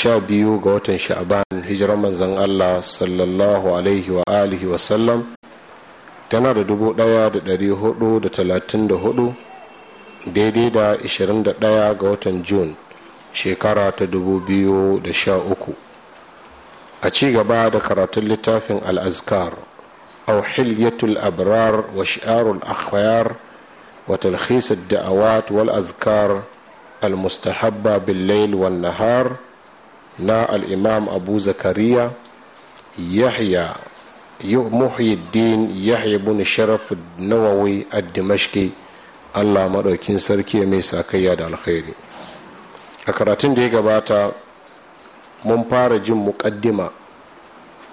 sha biyu ga watan sha'aban hijirar manzan allah sallallahu alaihi wa alihi sallam tana da dubu daya da dari hudu da talatin da hudu daidai da ishirin da daya ga watan jun shekara ta dubu biyu da sha uku a ci gaba da karatun littafin al'azkar yatul abrar wa shi'arul akhyar wa talhisar da'awat wal azkar al-mustahabba bil lail wan nahar na al'imam abu zakariya yahya muhyiddin yahya bin sharaf nawawi a allah maɗaukin sarki mai sakayya da alkhairi a karatun da ya gabata mun fara jin muƙaddima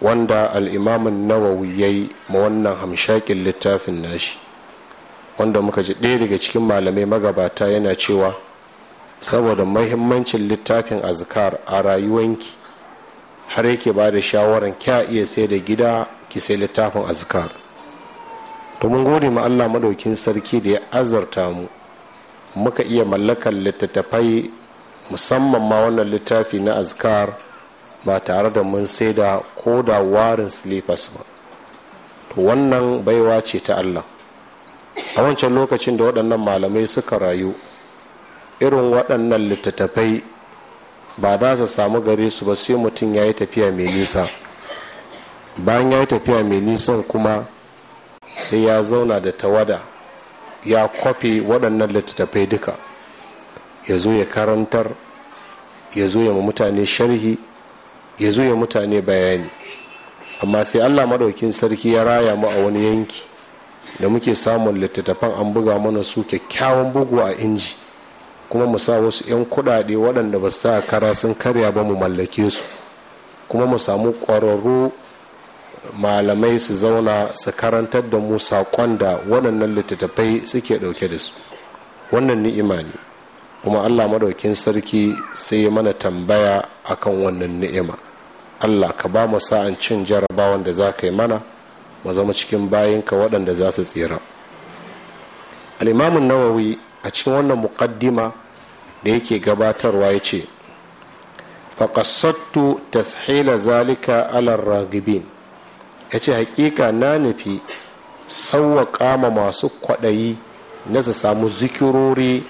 wanda al'imamin nawawi ya yi ma wannan hamshakin littafin nashi wanda muka ji ɗaya daga cikin malamai magabata yana cewa saboda mahimmancin littafin azkar a rayuwanki har yake ba da shawarar kya iya sai da gida ki sai littafin azkar mun gode ma allah madaukin sarki da ya azarta mu muka iya mallakar littattafai musamman ma wannan littafi na azkar ba tare da mun sai da ko da warin slippers ba to wannan baiwa ce ta allah a wancan lokacin da waɗannan malamai suka rayu irin waɗannan littattafai ba za su samu gare su ba sai mutum ya yi tafiya mai nisa bayan ya yi tafiya mai nisan kuma sai ya zauna da tawada ya kwafi waɗannan littattafai duka ya zo ya karantar ya zo ya mutane sharhi ya zo ya mutane bayani amma sai allah maɗaukin sarki ya raya mu a wani yanki da muke samun littattafan an buga mana su kyakkyawan bugu a inji kuma mu sa wasu 'yan kuɗaɗe waɗanda ba su sa kara sun karya ba mu mallake su kuma mu samu ƙwararru malamai su zauna su karantar da mu saƙon da waɗannan littattafai suke ɗauke da su wannan ni'ima ne kuma allah madaukin sarki sai ya mana tambaya akan wannan ni'ima allah ka ba mu sa'an cin jarabawan da za ka yi mana mu zama cikin bayinka waɗanda za su tsira alimamin nawawi a cikin wannan muƙaddima da yake gabatarwa ya ce faƙasattu tashila zalika alar ragibin ya ce haƙiƙa na nufi sauwaƙa ma masu kwaɗayi na su samu zikirori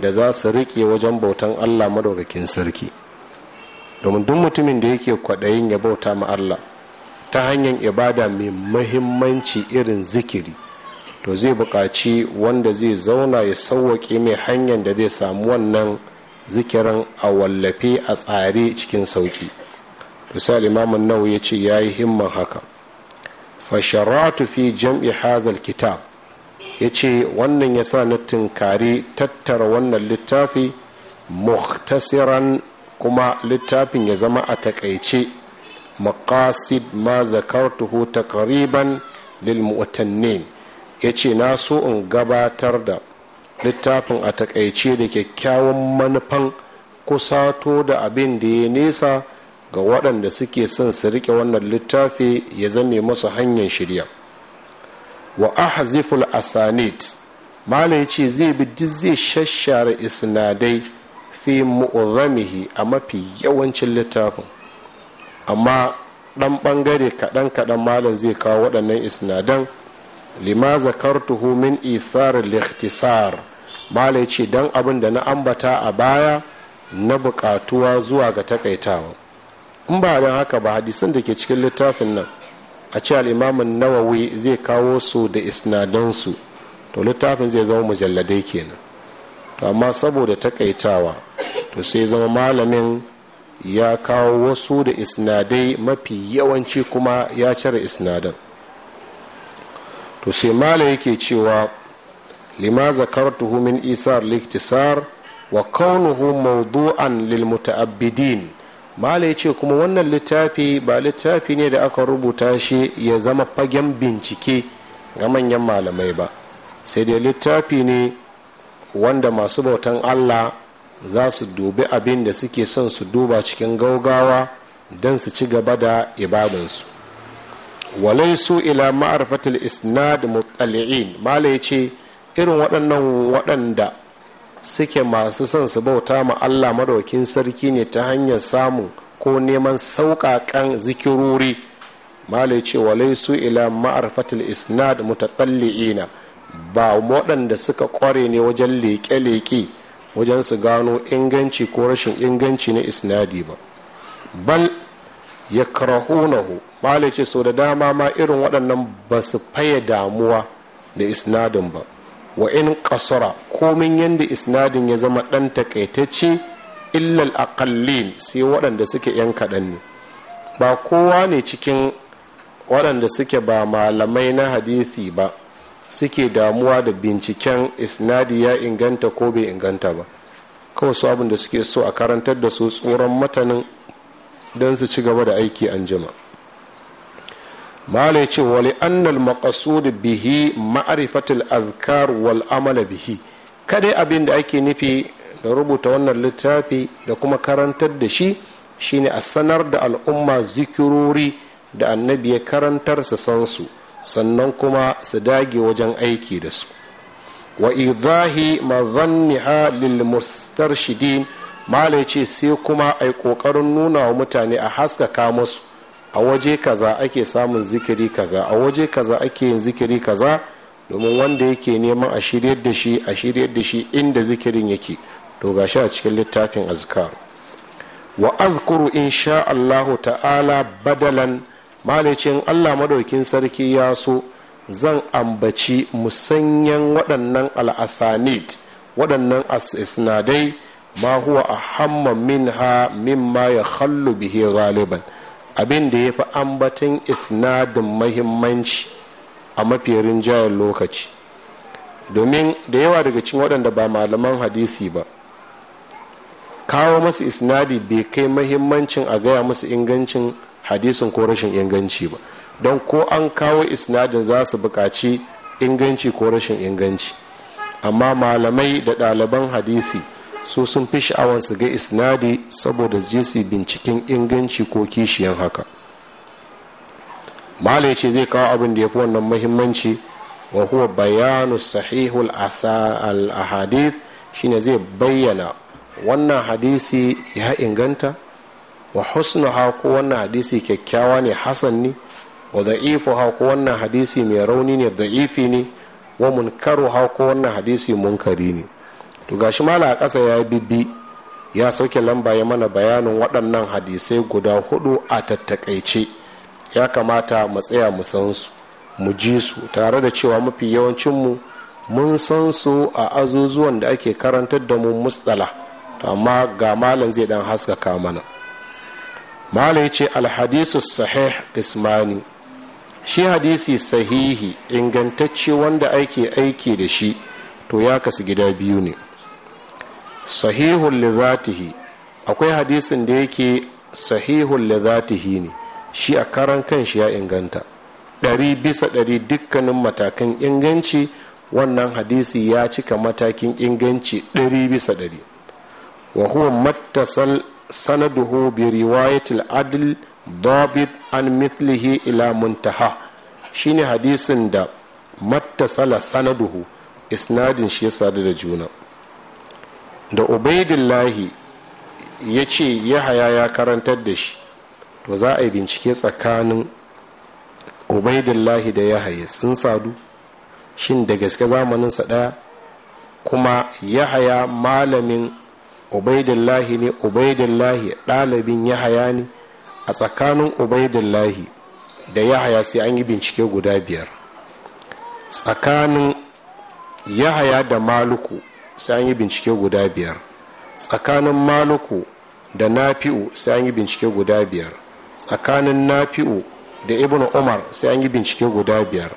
da za su riƙe wajen bautan allah madaukakin sarki domin duk mutumin da yake kwaɗayin ya bauta ma allah ta hanyar ibada mai mahimmanci irin zikiri to zai buƙaci wanda zai zauna ya sauwaƙe mai hanyar da zai samu wannan zikirin a wallafe a tsare cikin sauƙi to sai limamin nawa ya ce ya yi himman haka fasharatu fi jam'i hazal kitab ya ce wannan ya sa na tunkari tattara wannan littafi muhtasiran kuma littafin ya zama a takaice maqasid ma zakartuhu takriban lil mu'tannin ya ce na so in gabatar da littafin a takaice da kyakkyawan manufan kusato da abin da ya nesa ga waɗanda suke son su rike wannan littafi ya zame masu hanyar shirya wa ahziful asanit malam ya ce zai bi duk zai shashshara isnadai fi mu'urramihi a mafi yawancin littafin amma ɗan ɓangare kaɗan-kaɗan malam zai kawo waɗannan isnadan lima zakartuhu min ithar al mala ce dan abin da na ambata a baya na bukatuwa zuwa ga takaitawa in ba don haka ba hadisan da ke cikin littafin nan a ce al'imamin nawawi zai kawo su da isnadansu to littafin zai zama mujalladai kenan to amma saboda takaitawa to sai zama malamin ya kawo wasu da isnadai mafi yawanci kuma ya cire isnadan to sai mala yake cewa lima zakartuhu min isar liktisar wa kaunuhu mawdu'an lil muta'abbidin mala yace kuma wannan littafi ba littafi ne da aka rubuta shi ya zama fagen bincike ga manyan malamai ba sai dai littafi ne wanda masu bautan allah za su dubi abin da suke son su duba cikin gaugawa don su ci gaba da ibadansu su ila ma'arfatul isnad muttali'in mala ya irin waɗannan waɗanda suke masu son su bauta ma allah madaukin sarki ne ta hanyar samun ko neman sauƙaƙan zikirori mala ya ce walaisu ila ma'arfatul isnad mutatalli'ina ba waɗanda suka ƙware ne wajen leƙe-leƙe wajen su gano inganci ko rashin inganci na isnadi ba bal ya karahunahu bala ce sau da dama ma irin waɗannan ba su faye damuwa da isnadin ba wa in kasura komin yadda isnadin ya zama ɗan takaitacce illal aqallin sai waɗanda suke yan kaɗan ne ba kowa ne cikin waɗanda suke ba malamai na hadithi ba suke damuwa da binciken isnadi ya inganta ko bai inganta ba kawai su abin da suke so a karantar da su tsoron matanin don su ci gaba da aiki an jima mala ya ce wali annal bihi ma'arifatul azkar wal amala bihi kada abin da ake nufi da rubuta wannan littafi da kuma karantar da shi shine a sanar da al'umma zikirori da annabi ya karantar su san su sannan kuma su dage wajen aiki da su wa idahi mazanniha lil mustarshidin malai ce sai kuma a yi ƙoƙarin nuna wa mutane a haskaka musu a waje kaza ake samun zikiri kaza a waje kaza ake yin zikiri kaza domin wanda yake neman a shiryar da shi a shiryar da shi inda zikirin yake to ga shi a cikin littafin azkar wa azkuru insha Allah ta'ala badalan malicin Allah madaukin sarki ya so zan ambaci musanyen waɗannan al'asanid waɗannan asnadai ma huwa ha min ma ya kallu bihe galiban abin da ya fi ambatin isnadin mahimmanci a mafiyarin jayar lokaci domin da yawa daga cikin waɗanda ba malaman hadisi ba kawo masu isnadi bai kai mahimmancin a gaya masu ingancin hadisin ko rashin inganci ba don ko an kawo isnadin za su buƙaci inganci ko rashin inganci amma malamai da ɗaliban hadisi su sun fi sha'awar su ga isnadi saboda je su binciken inganci ko kishiyan haka malai ce zai kawo abin da ya fi wannan muhimmanci wa huwa bayanu sahihul al ahadith shine zai bayyana wannan hadisi ya inganta wa husnu ko wannan hadisi kyakkyawa ne hasan ne wa da'ifuha ko wannan hadisi mai rauni ne da'ifi ne wa munkaru ko wannan hadisi munkari ne to gashi mala a ƙasa ya bibbi ya sauke lamba ya mana bayanin waɗannan hadisai guda hudu a tattakaice ya kamata mu tsaya mu san su mu ji su tare da cewa mafi yawancinmu mun san su a azuzuwan da ake karantar da mu mustala amma ga malam zai dan haskaka mana malam ya ce alhadisu sahih ismani shi hadisi sahihi ingantacce wanda ake aiki da shi to ya kasu gida biyu ne sahihun lizatihi akwai hadisin da yake sahihun lizatihi ne shi a karan kanshi ya inganta ɗari bisa ɗari dukkanin matakan inganci wannan hadisi ya cika matakin inganci ɗari bisa ɗari wa huwa mattasal sanaduhu bi riwayatil adl dabit an mitlihi ila muntaha shine hadisin da mattasala sanaduhu isnadin shi ya sadu da juna da ubaidillahi ya ce yahaya ya karantar da shi to za a yi bincike tsakanin ubaidillahi da ya haya sun sadu shin da gaske zamaninsa ɗaya kuma yahaya malamin ubaidillahi ne ubaidillahi ɗalibin yahaya ne a tsakanin ubaidillahi da yahaya sai an yi bincike guda biyar tsakanin yahaya da maluku sai an yi bincike guda biyar tsakanin maluku da nafi'u sai an yi bincike guda biyar tsakanin nafi'u da ibn umar sai an yi bincike guda biyar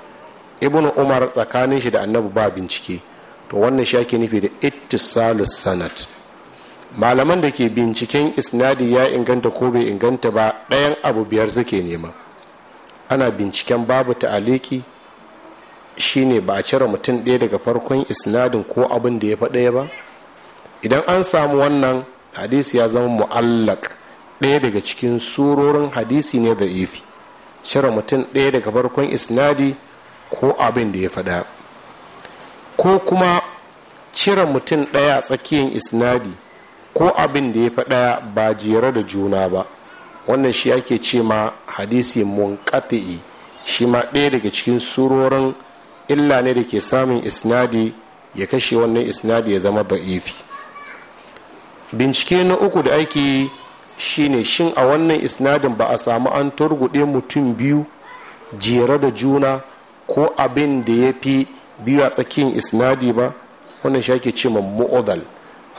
ibn umar tsakanin shi da annabu ba bincike to wannan shi ake nufi da ittisalus sanad malaman da ke binciken isnadi ya inganta ko bai inganta ba ɗayan abu biyar suke nema ana binciken babu ta'aliki shine ba a cire mutum ɗaya daga farkon isnadin ko abin da ya faɗaya ba idan an samu wannan hadisi ya zama mu'allak ɗaya daga cikin surorin hadisi ne da ifi cire mutum ɗaya daga farkon isnadi ko abin da ya faɗa ko kuma cire mutum ɗaya tsakiyar isnadi ko abin da ya faɗa ba jere da juna ba wannan shi ake ce ma hadisi munkati'i shi ma ɗaya daga cikin surorin illa ne da ke samun isnadi ya kashe wannan isnadi ya zama da'ifi bincike na uku da ake shine shin a wannan isnadin ba a samu an turgude mutum biyu jere da juna ko abin da ya fi biyu a tsakiyar isnadi ba wannan shi ake ce mu'udal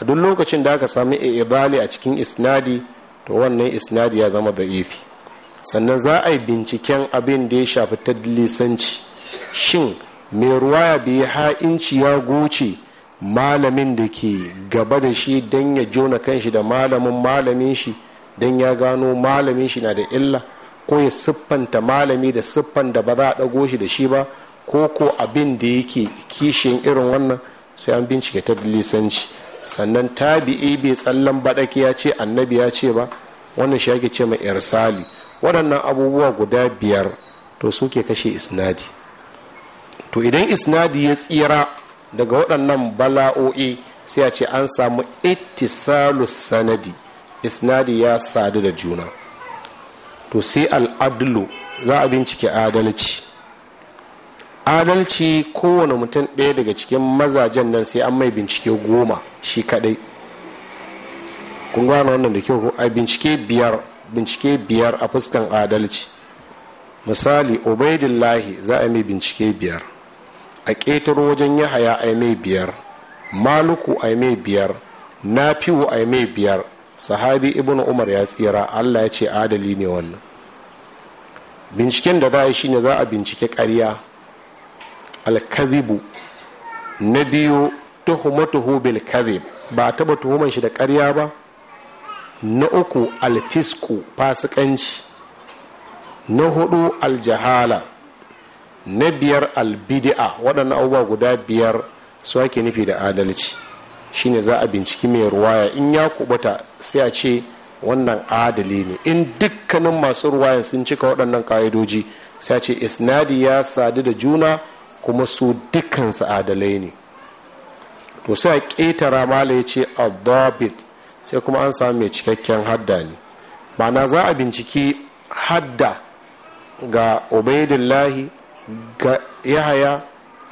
a duk lokacin da aka sami ibali a cikin isnadi to wannan isnadi ya zama da'ifi sannan za a yi binciken abin da ya shafi tadlisanci shin mai ruwa da ya ha'inci ya goce malamin da ke gaba da shi don ya jona kanshi da malamin malamin shi don ya gano malamin shi na da illa ko ya siffanta malami da siffan da ba za a ɗago shi da shi ba ko ko abin da yake kishin irin wannan sai an bincike ta lisanci sannan tabi'i bai tsallan baɗaki ya ce annabi ya ce ba wannan shi ake ce mai irsali waɗannan abubuwa guda biyar to suke kashe isnadi to idan isnadi ya tsira daga waɗannan bala'o'i sai a ce an samu ittisalu sanadi isnadi ya sadu da juna to sai al'adlu za a bincike adalci adalci kowane mutum ɗaya daga cikin mazajen nan sai an mai bincike goma shi kaɗai, kun gano wannan da kyau a bincike biyar bincike biyar a fuskan adalci misali ubaidillahi za a mai bincike biyar a ƙetaro wajen yahaya a mai biyar maluku a mai biyar na nafi'u a mai biyar sahabi ibn umar ya tsira allah ya ce adali ne wannan binciken da shi shine za a bincike ƙarya alkazibu na biyu tuhumatuhu bil ba ba taba tuhuman shi da ƙarya ba na uku alfisku fasikanci na hudu aljahala na biyar albidi'a waɗannan abubuwa guda biyar su ake nufi da adalci shine za a binciki mai ruwaya in ya kubuta sai a ce wannan adali ne in dukkanin masu ruwayan sun cika waɗannan ƙa'idoji sai a ce isnadi ya sadu da juna kuma su dukkansu adalai ne to sai a ƙetara mala ya ce adabit sai kuma an samu mai cikakken hadda ne na za a binciki hadda ga ubaidillahi ga yahaya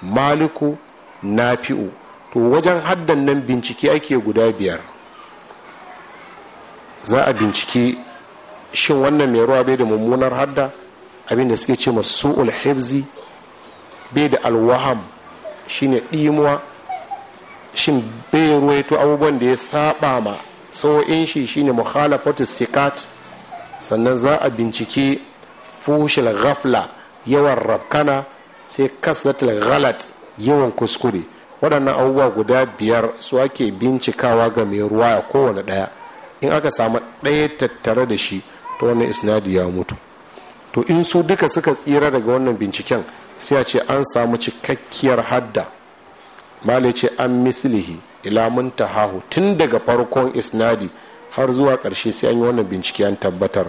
maliku nafi'u to wajen haddan nan bincike ake guda biyar za a binciki shin wannan mai ruwa bai da mummunar hadda abinda suke ce masu ulhibzi bai da alwaham shine ɗimuwa shin bai ruwaito abubuwan da ya saba ma sau'in shi shine mukhalafatu sikat sannan za a bincike fushil ghafla yawan rabkana sai kasatul galat yawan kuskure waɗannan abubuwa guda biyar su ake bincikawa ga mai ruwa a kowane ɗaya in aka samu ɗaya tattare da shi ta wannan isnadi ya mutu to in su duka suka tsira daga wannan binciken sai a ce an samu cikakkiyar hadda malai ce an mislihi ilamun tahahu tun daga farkon isnadi har zuwa ƙarshe sai an yi wannan bincike an tabbatar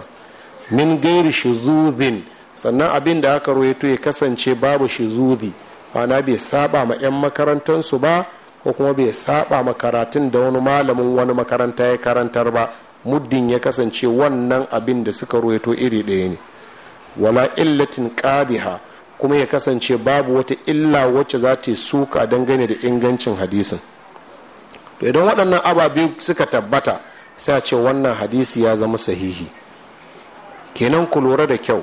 min gairi shuzuzin sannan abin da aka ruwaito ya kasance babu shi zubi ana bai saba ma 'yan makarantarsu ba ko kuma bai saba ma karatun da wani malamin wani makaranta ya karantar ba muddin ya kasance wannan abin da suka ruwaito iri ɗaya ne wala illatin qabiha kuma ya kasance babu wata illa wacce za ta suka dangane da ingancin hadisin to idan waɗannan ababe suka tabbata sai a ce wannan hadisi ya zama sahihi kenan ku lura da kyau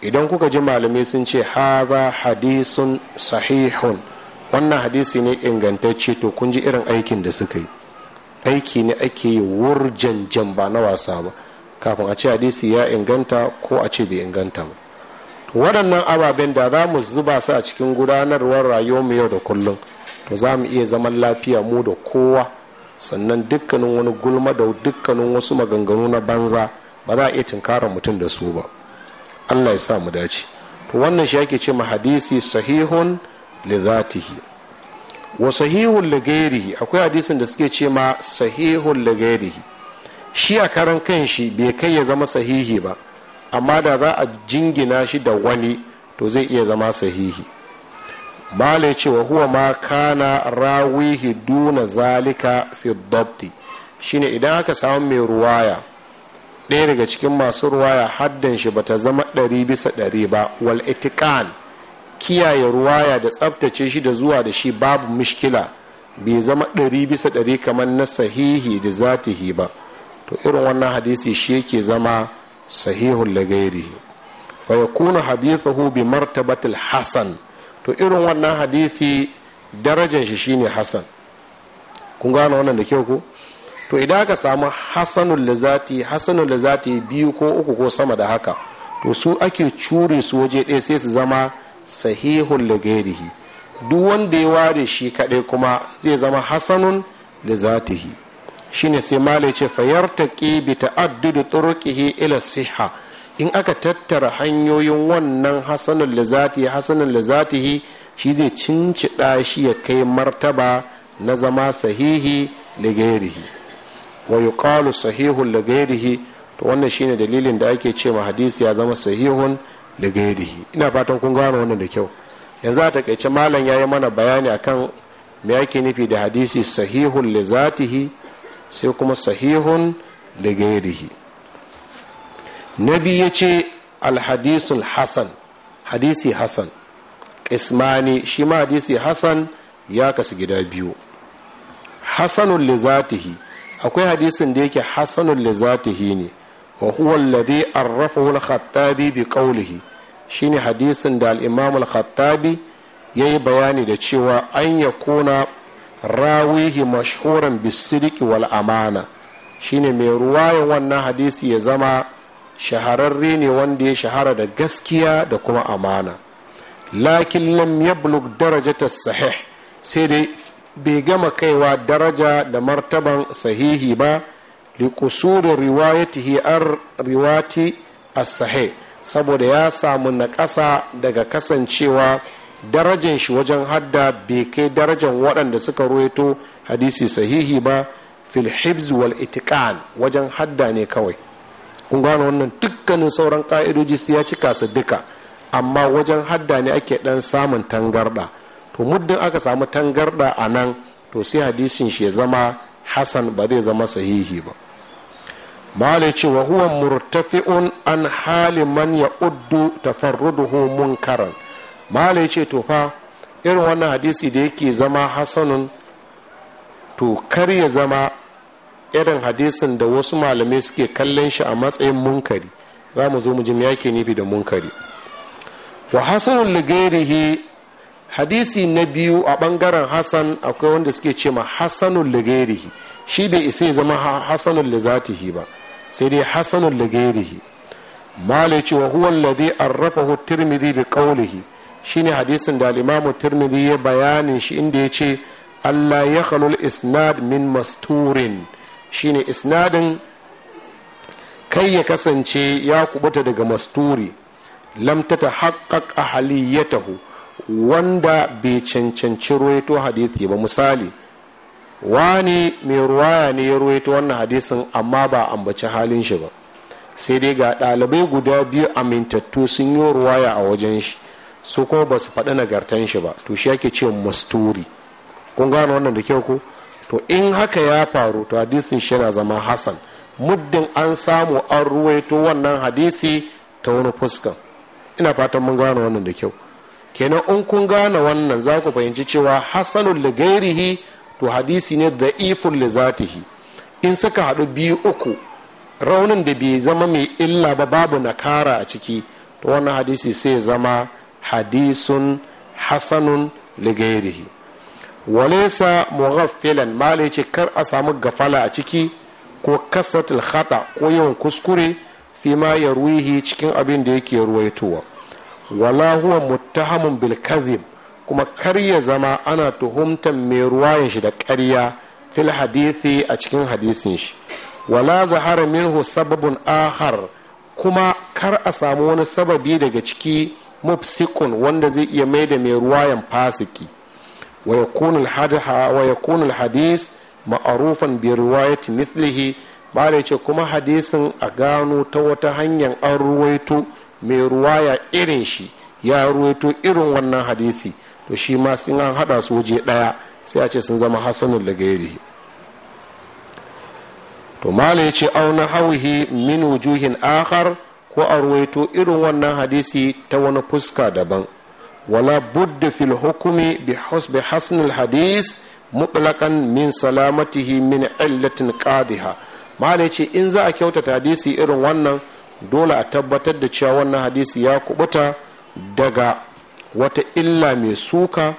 idan kuka ji malamai sun ce ba hadisun sahihun wannan hadisi ne ingantacce to kun ji irin aikin da suka yi aiki ne ake yi wurjanjan ba na wasa ba kafin a ce hadisi ya inganta ko a ce bai inganta ba waɗannan ababen da za mu zuba su a cikin gudanarwar rayuwarmu yau da kullum to za mu iya zaman lafiya mu da kowa sannan dukkanin wani gulma da dukkanin wasu maganganu na banza ba za a iya tunkarar mutum da su ba allah ya sa mu dace to wannan shi yake ce ma hadisi sahihun lizatihi wa sahihun li akwai hadisin da suke ce ma sahihun li shi a karan kan shi bai kai ya zama sahihi ba amma da za a jingina shi da wani to zai iya zama sahihi malai ce wa huwa ma kana rawihi duna zalika fi dabti shine idan aka samu mai ruwaya ɗaya daga cikin masu ruwaya haddan shi bata zama ɗari bisa ɗari ba wal itikan kiyaye ruwaya da tsabtace shi da zuwa da shi babu mishkila bai zama ɗari bisa ɗari kamar na sahihi da zatihi ba to irin wannan hadisi shi yake zama sahihun lagairi fa ya yakunu hadithahu bi martabatil hasan to irin wannan hadisi darajar shi shine hasan kun gane wannan da kyau ko to idan aka samu hasanul lazati hasanul lazati biyu ko uku ko sama da haka to su ake cure su waje ɗaya sai su zama sahihul lagairihi duk wanda ya ware shi kaɗai kuma zai zama hasanun lazatihi ne sai malai ce fayartaqi bi ta'addudu turkihi ila siha in aka tattara hanyoyin wannan hasanun lazati hasanun lazatihi shi zai cincida shi ya kai martaba na zama sahihi lagairihi wa yuqalu sahihun li ghairihi to wannan shine dalilin da ake ce ma hadisi ya zama sahihun li ghairihi ina fatan kun gano wannan da kyau yanzu a takaice malam ya yi mana bayani akan me yake nufi da hadisi sahihun li zatihi sai kuma sahihun li ghairihi nabi yace al hadisul hasan hadisi hasan ismani shi ma hadisi hasan ya kasu gida biyu hasanun li zatihi akwai hadisin da yake hasanul li zatihi ne wa huwa alladhi arrafahu al-khattabi bi qawlihi shine hadisin da al-imam al-khattabi yayi bayani da cewa an yakuna rawihi mashhuran bis-sidqi wal amana shine mai ruwayan wannan hadisi ya zama shahararre ne wanda ya shahara da gaskiya da kuma amana lakin lam yablug darajata sahih sai dai bai gama kaiwa daraja da martaban sahihi ba liƙusurin riwayati hiyar riwati a sahi saboda ya samu naƙasa daga kasancewa darajan shi wajen hadda bai kai darajan waɗanda suka ruwaito hadisi sahihi ba fil wal itikan wajen hadda ne kawai kun wannan dukkanin sauran ka'idoji su ya cika su duka amma wajen hadda ne ake ɗan samun tangarɗa to muddin aka samu tangarda a nan to sai hadisin shi ya zama hasan ba zai zama sahihi ba malai ce wa huwa murtafi'un an hali man ya uddu tafarruduhu munkaran malai ce to fa irin wannan hadisi da yake zama hasanun to kar ya zama irin hadisin da wasu malamai suke kallon shi a matsayin munkari za mu zo mu ji yake nufi da munkari wa hasanun ligairihi hadisi na biyu a bangaren hassan akwai wanda suke ce ma hassanul lagairihi shi bai isa ya zama hassanul lizatihi ba sai dai hassanul lagairihi malai cewa huwa alladhi arrafahu tirmidhi bi qawlihi shine hadisin da al-imamu tirmidhi ya bayanin shi inda ya ce Allah ya khalul isnad min masturin shine isnadin kai ya kasance ya kubuta daga masturi lam ta ya ahliyatahu wanda bai cancanci ruwaito hadithi ba misali wani mai ruwaya ne ya ruwaito wannan hadisin amma ba ambaci halin shi ba sai dai ga ɗalibai guda biyu amintattu sun yi ruwaya a wajen shi su kuma ba su faɗi nagartan shi ba to shi yake ce masturi kun gano wannan da kyau ko to in haka ya faru to hadisin shi yana zama Hassan muddin an samu an ruwaito wannan hadisi ta wani fuskan ina fatan mun gano wannan da kyau kenan in kun gane wannan za ku fahimci cewa hasanul ligairihi to hadisi ne da ifun lizatihi in suka haɗu biyu uku raunin da bai zama mai illa ba babu nakara a ciki to wannan hadisi sai zama hadisun hasanun ligairihi walesa mughaffilan mala ce kar a samu gafala a ciki ko kasatul khata ko yawan kuskure fi ma ya ruwihi cikin abin da yake ruwaitowa wala huwa muttahamun bil kuma kar ya zama ana tuhumtar mai ruwayan shi da karya fil hadithi a cikin hadisin shi wala zahara minhu sababin ahar kuma kar a samu wani sababi daga ciki mufsikun wanda zai iya mai da mai ruwayan fasiki wa yakunu hadis ma'arufan bi riwayati mithlihi ba da ce kuma hadisin a gano ta wata hanyar an ruwaito mai ruwaya irin shi ya ruwaito irin wannan hadisi to shi ma sun an hada su waje daya sai a ce sun zama hasanun da to mala ya ce auna hauhi min wujuhin akhar ko a ruwaito irin wannan hadisi ta wani fuska daban wala budda fil hukumi bi hasbi hadis mutlaqan min salamatihi min illatin qadiha mala ya ce in za a kyautata hadisi irin wannan dole a tabbatar da cewa wannan hadisi ya kubuta daga wata illa mai suka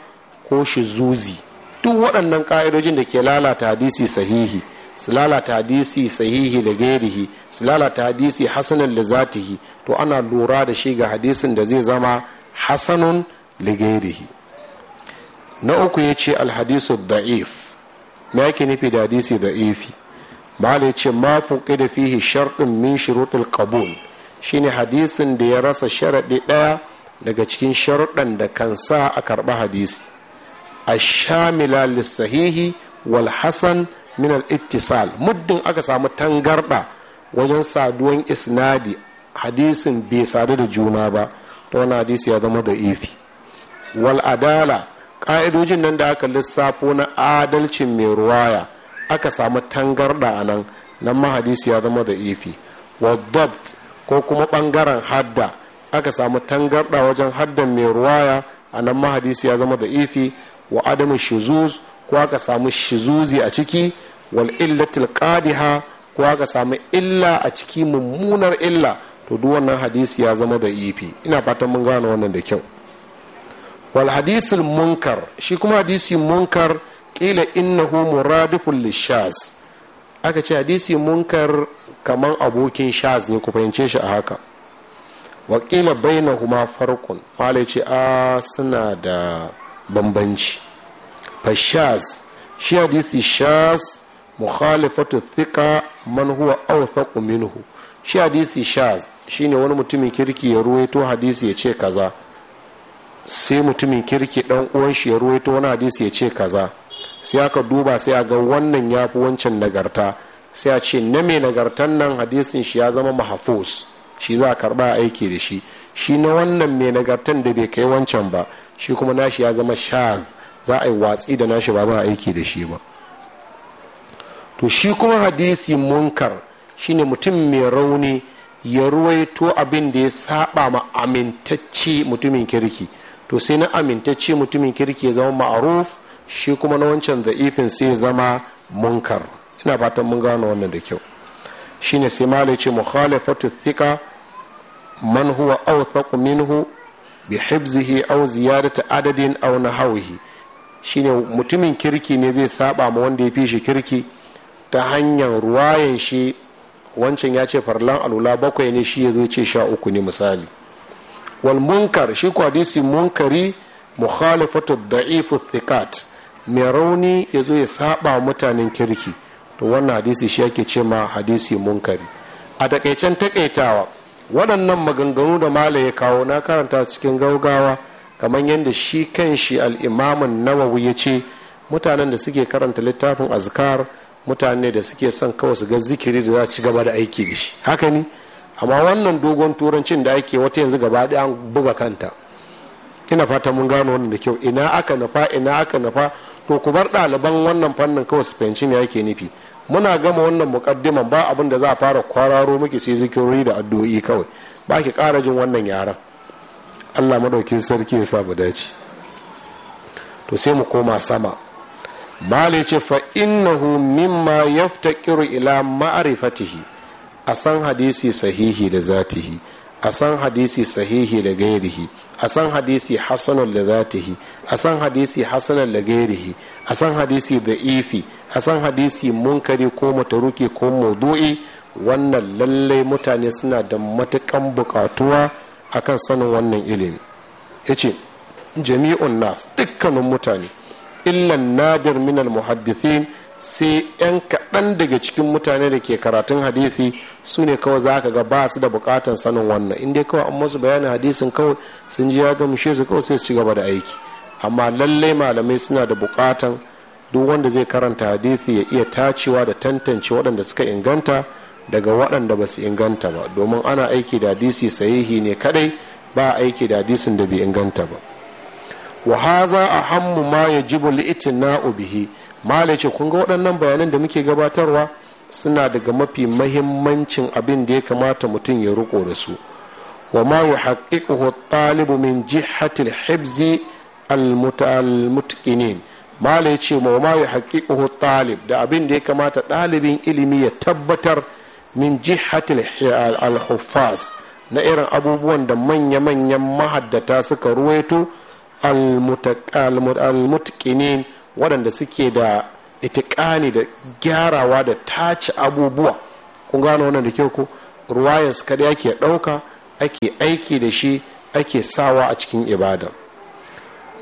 ko shi zuzi duk waɗannan ƙa'idojin da ke lalata hadisi sahihi su lalata hadisi sahihi da gairihi su lalata hadisi hasanin da zatihi to ana lura da shi ga hadisin da zai zama hasanun ligairihi. na uku ya ce alhadisu da'if me yake nufi da hadisi da'ifi ba ya ce ma da fihi sharɗin min shuruɗul shi shine hadisin da ya rasa sharaɗi ɗaya daga cikin sharuɗan da kan sa a karɓa hadisi a shamila lissahihi wal hasan min al ittisal muddin aka samu tangarɗa wajen saduwan isnadi hadisin bai sadu da juna ba ta wani hadisi ya zama da ifi wal adala ƙa'idojin nan da aka lissafo na adalcin mai ruwaya aka samu tangarda a nan nan mahadisi ya zama da ifi wadabt ko kuma bangaren hadda aka samu tangarda wajen hadda mai ruwaya a nan mahadisi ya zama da ifi wa adamu shizuz ko aka samu shizuzi a ciki wal illatil qadiha ko aka samu illa a ciki mummunar illa to duk wannan hadisi ya zama da ifi ina fatan mun gane wannan da kyau wal hadisul munkar shi kuma hadisi munkar hu innahu muradifun lishaz aka ce hadisi munkar kaman abokin shaz ne ku fahimce shi a haka wakila baina huma farqun malai ce a suna da bambanci shaz shi hadisi shaz mukhalifatu thiqa man huwa awthaq minhu shi hadisi shaz shine wani mutumin kirki ya ruwaito hadisi ya ce kaza sai mutumin kirki dan uwan shi ya ruwaito wani hadisi ya ce kaza sai aka duba sai a ga wannan ya fi wancan nagarta sai a ce na mai nagartan nan hadisin shi ya zama mahafos shi za a karba aiki da shi shi na wannan mai nagartan da bai kai wancan ba shi kuma nashi ya zama sha za a yi watsi da nashi ba za a aiki da shi ba to shi kuma hadisi munkar shine mutum mai rauni ya ruwaito abin da ya saba ma amintacce mutumin kirki to sai na amintacce mutumin kirki ya zama ma'aruf shi kuma na wancan da'ifin sai zama munkar ina fatan mun gano wannan da kyau shine sai malai ce mukhalafatu thika man huwa awthaq minhu bi hibzihi aw ziyadati adadin aw nahawihi shine mutumin kirki ne zai saba ma wanda ya fi shi kirki ta hanyar ruwayan shi wancan ya ce farlan alula bakwai ne shi ya zo ce sha uku ne misali wal munkar shi kwadisi munkari mukhalifatu da'ifu thiqat mai rauni ya zo ya saba mutanen kirki to wannan hadisi shi yake ce ma hadisi munkari a takaicen takaitawa waɗannan maganganu da mala ya kawo na karanta cikin gaugawa kamar yadda shi kan shi al'imamin nawawi ya ce mutanen da suke karanta littafin azkar mutane da suke son kawai su ga zikiri da za ci gaba da aiki da shi haka ne amma wannan dogon turancin da ake wata yanzu gaba an buga kanta ina fata mun gano wannan da kyau ina aka nafa ina aka nafa to ku bar ɗaliban wannan fannin kawai su fahimci me yake nufi muna gama wannan mukaddiman ba abin da za a fara kwararo muke sai zikirori da addu'o'i kawai ba ki ƙara jin wannan yaran allah maɗaukin sarki ya sa mu dace to sai mu koma sama malai ce fa innahu mimma yaftaqiru ila ma'rifatihi a san hadisi sahihi da zatihi a san hadisi sahihi da gairihi a san hadisi hassanar da zatihi a san hadisi hassanar da gairihi a san hadisi da ifi a san hadisi munkari ko mataruki ko maudu'i wannan lallai mutane suna da matukan bukatuwa akan sanin wannan ilimi ya ce jami'un nas dukkanin mutane illan nadir minal muhaddithin sai 'yan kaɗan daga cikin mutane da ke karatun hadisi su ne kawai za ka ga ba su da bukatan sanin wannan in dai kawai an masu bayanin hadisin kawai sun ji ya gamshe su kawai sai su ci gaba da aiki amma lallai malamai suna da bukatan duk wanda zai karanta hadisi ya iya tacewa da tantance waɗanda suka inganta daga waɗanda ba su inganta ba domin ana aiki da hadisi sahihi ne kadai ba aiki da hadisin da bai inganta ba wa haza ahammu ma yajibu li'tina'u bihi mala ce kun ga waɗannan bayanan da muke gabatarwa suna daga mafi mahimmancin abin da ya kamata mutum ya ruko da su wa ma yuhaqqiquhu talibu min ji hibzi al malai ce ma wa ma yuhaqqiquhu talib da abin da ya kamata ɗalibin ilimi ya tabbatar min ji al alhufas na irin abubuwan da manya-manyan mahaddata suka ruwaito al waɗanda suke da itikani da gyarawa da tace abubuwa kun gano wannan da kyau ko ruwayas kaɗai ake ɗauka ake aiki da shi ake sawa a cikin ibada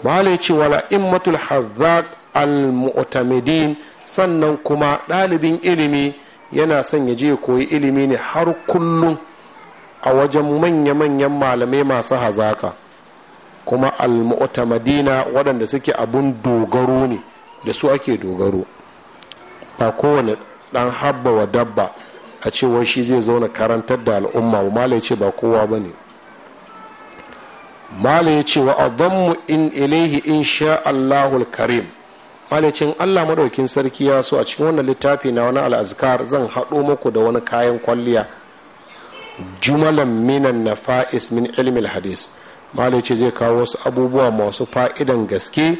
mahala ce wala matul hazzaq al mu'tamidin sannan kuma ɗalibin ilimi yana son ya je koyi ilimi ne har kullum a wajen manya-manyan malamai masu hazaka kuma al madina waɗanda suke abun dogaro ne da su ake dogaro ba kowane ɗan habba wa dabba a cewa shi zai zauna karantar da al'umma ba ya ce ba kowa ba ne malai ya ce wa adammu in ilaihi in sha allahul karim mala ce allah madaukin sarki ya so a cikin wannan littafi na wani al'azkar zan haɗo muku da wani kayan kwalliya jumalan minan na fa'is min ilmi hadis ce zai kawo wasu abubuwa masu fa'idan gaske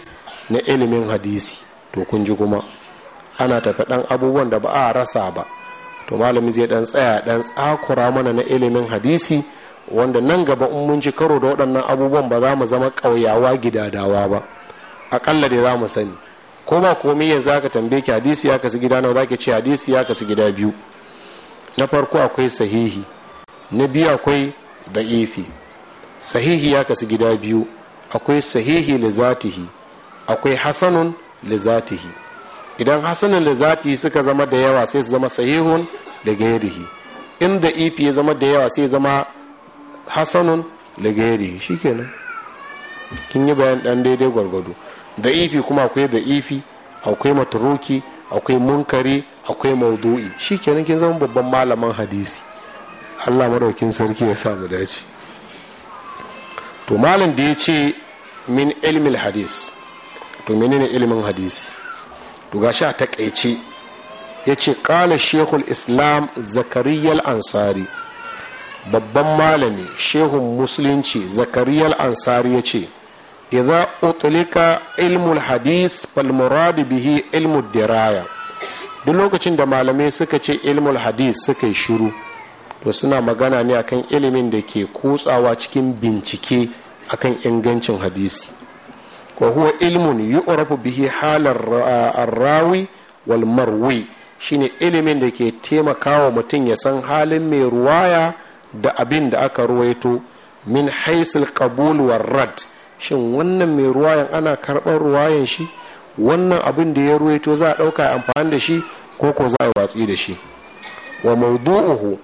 na ilimin hadisi to kun ji kuma ana tafi ɗan abubuwan da ba a rasa ba to malami zai ɗan tsaya ɗan tsakura mana na ilimin hadisi wanda nan gaba in mun ci karo da waɗannan abubuwan ba za mu zama ƙauyawa gidadawa ba aƙalla dai za mu sani ko ba komai yanzu aka tambaye ki hadisi ya kasu gida nawa zaki ce hadisi ya kasu gida biyu na farko akwai sahihi na biyu akwai da'ifi sahihi ya kasu gida biyu akwai sahihi li zatihi akwai hasanun li zatihi idan hasanun li zatihi suka zama da yawa sai su zama sahihun da gairihi inda ifi ya zama da yawa sai zama hasanun da gairihi shikenan kin yi bayan dan daidai gwargwado da ifi kuma akwai da ifi akwai maturuki akwai munkari akwai maudu'i shikenan kin zama babban malaman hadisi Allah maraukin sarki ya sa mu dace to malam da ya ce min ilmin hadis to menene ilmin hadis to gashi a takaice ya ce kala shekul islam zakariyar ansari babban malami shehun musulunci zakariyar ansari ya ce idan utlika ilmul hadis falmuradu bihi ilmul diraya duk lokacin da malamai suka ce ilmul hadis suka yi shiru to suna magana ne akan ilimin da ke kutsawa cikin bincike akan ingancin hadisi wa huwa ilmun yu'rafu bihi halar rawi wal marwi shine ilimin da ke taimakawa mutum ya san halin mai ruwaya da abin da aka ruwaito min haisul qabul war rad shin wannan mai ruwayan ana karɓar ruwayan shi wannan abin da ya ruwaito za a ɗauka amfani da shi ko ko za a watsi da shi wa mawdu'uhu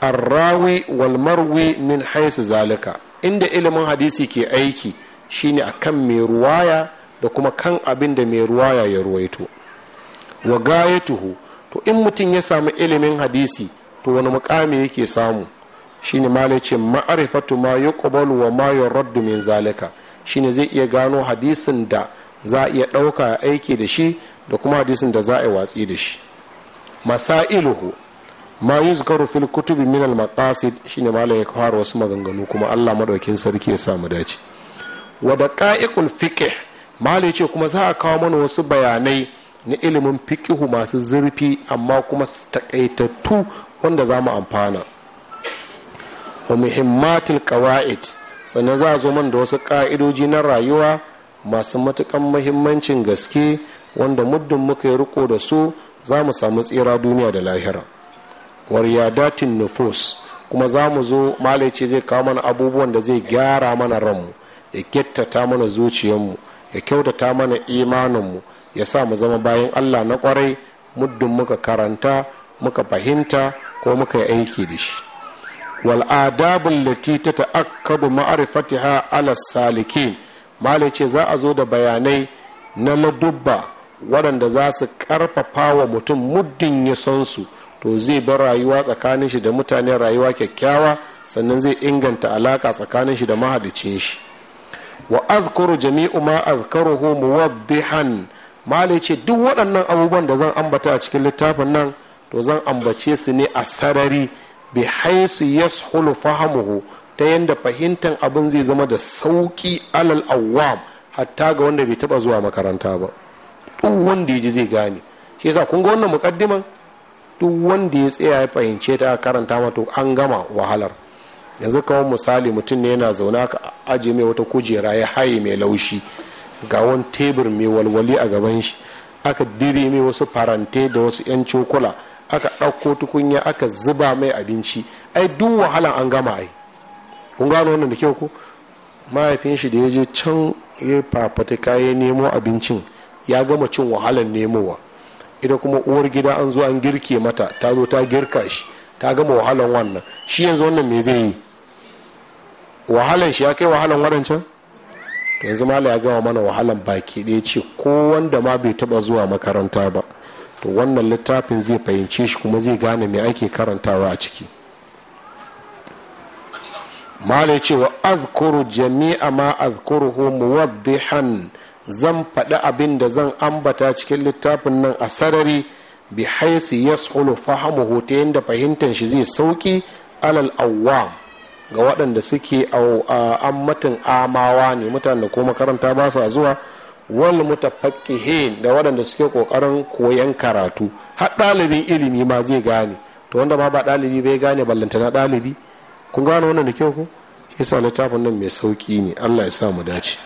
arrawi wal min haisu zalika inda ilimin hadisi ke aiki shine akan mai ruwaya da kuma kan abin da mai ruwaya ya ruwaito wa gayatuhu to in mutum ya samu ilimin hadisi to wani mukami yake samu shine malai ce ma'arifatu ma yuqbalu wa ma yuraddu min zalika shine zai iya gano hadisin da za a iya ɗauka aiki da shi da kuma hadisin da za a yi watsi da shi masailuhu ma yuzkaru fil kutubi min al maqasid shine malai ya fara wasu maganganu kuma Allah madaukin sarki ya samu dace wa qa'iqul fiqh malai ce kuma za a kawo mana wasu bayanai na ilimin fikihu masu zurfi amma kuma takaitattu wanda za mu amfana wa muhimmatil qawaid sannan za a zo man da wasu ka'idoji na rayuwa masu matukan muhimmancin gaske wanda muddin muka yi riko da su za mu samu tsira duniya da lahira wariyadatin nufus kuma za mu zo malai zai kawo mana abubuwan da zai gyara mana ranmu ya kyautata mana zuciyarmu ya kyautata mana imaninmu ya sa mu zama bayan allah na kwarai muddin muka karanta muka fahimta ko muka yi aiki da shi wal'adabin adabul lati ta ta'akkadu ma'rifatiha ala salikin za a zo da bayanai na ladubba waɗanda za su ƙarfafa wa mutum muddin ya san su to zai bar rayuwa tsakanin shi da mutane rayuwa kyakkyawa sannan zai inganta alaka tsakanin shi da mahalicin shi wa azkuru jami'u ma azkaruhu muwaddihan malai ce duk waɗannan abubuwan da zan ambata a cikin littafin nan to zan ambace su ne a sarari bi haisu yashulu fahamuhu ta yadda fahimtar abin zai zama da sauki alal awam hatta ga wanda bai taba zuwa makaranta ba duk wanda ya ji zai gane shi yasa kun ga wannan mukaddiman duk wanda ya tsaya ya fahimce ta a karanta mato an gama wahalar yanzu kawai misali mutum ne yana zaune aka ajiye mai wata kujera ya haye mai laushi ga wani tebur mai walwali a gaban shi aka dire mai wasu farante da wasu 'yan cokula aka ɗauko tukunya aka zuba mai abinci ai duk wahalar an gama ai kun gano wannan da kyau ko mahaifin shi da ya je can ya fafata kayan nemo abincin ya gama cin wahalar nemowa ita kuma uwar gida an zo an girke mata ta zo ta girka shi ta gama wahalan wannan shi yanzu wannan me zai yi wahalan shi ya kai wahalan waɗancan to yanzu mala ya gama mana wahalan baki ɗaya ce ko wanda ma bai taɓa zuwa makaranta ba to wannan littafin zai fahimce shi kuma zai gane me ake karantawa a ciki mala ya ce wa azkuru jami'a ma azkuruhu muwaddihan zan faɗi abin da zan ambata cikin littafin nan a sarari bi haisi ya tsolo fahimu hoto yadda fahimtar shi zai sauki alal awam ga waɗanda suke ammatin amawa ne mutane da ko makaranta ba su zuwa wal he da waɗanda suke ƙoƙarin koyan karatu har ɗalibin ilimi ma zai gane to wanda ba, ba ɗalibi bai gane ballanta na ɗalibi kun gane wannan da kyau ko shi sa littafin nan mai sauki ne Allah ya sa mu dace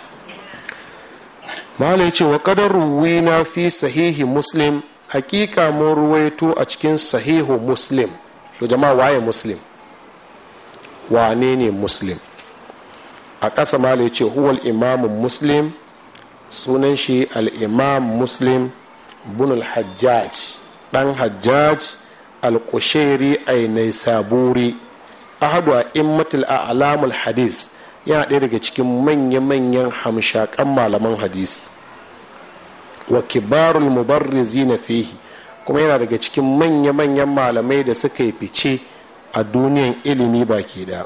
mala ya ce wa kadar ruwina fi sahihi muslim hakika mun ruwaito a cikin sahihu muslim to jama'a waye muslim wane ne muslim a ƙasa mala ya ce huwal imamun muslim sunan shi al'imam muslim bunul hajjaj ɗan hajjaj al-kushairi ainai saburi ahadu a immatul a alamul hadis yana ɗaya daga cikin manya-manyan hamshakan malaman hadisi wa kibarul mubarrizi na fihi kuma yana daga cikin manya-manyan malamai da suka yi fice a duniyan ilimi baki da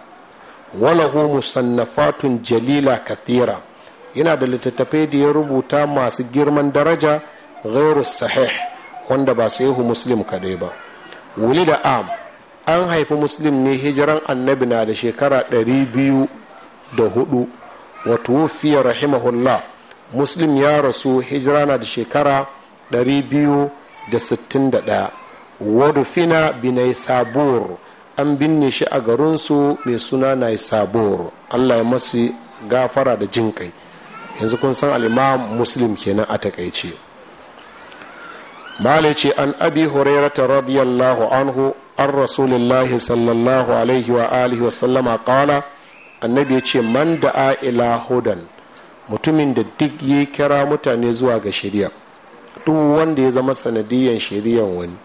walahu musannafatun jalila kathira yana da littattafai da ya rubuta masu girman daraja ghairu sahih wanda ba sahihu muslim kadai ba wuli da am an haifi muslim ne hijiran annabi na da shekara da 204 wato fiye rahimahullah muslim ya rasu hijira na da shekara 261 wadufina binai sabur an binne shi a garinsu mai suna na sabur allah ya masu gafara da jin kai yanzu kun san al'imam muslim kenan a takaice malice an abi hurairata radiyallahu anhu an rasulullah sallallahu alaihi wa alihi wasallama kala annabi ya ce man da'a ila hudan mutumin da duk ya kira mutane zuwa ga shari'a duk wanda ya zama sanadiyan shari'an wani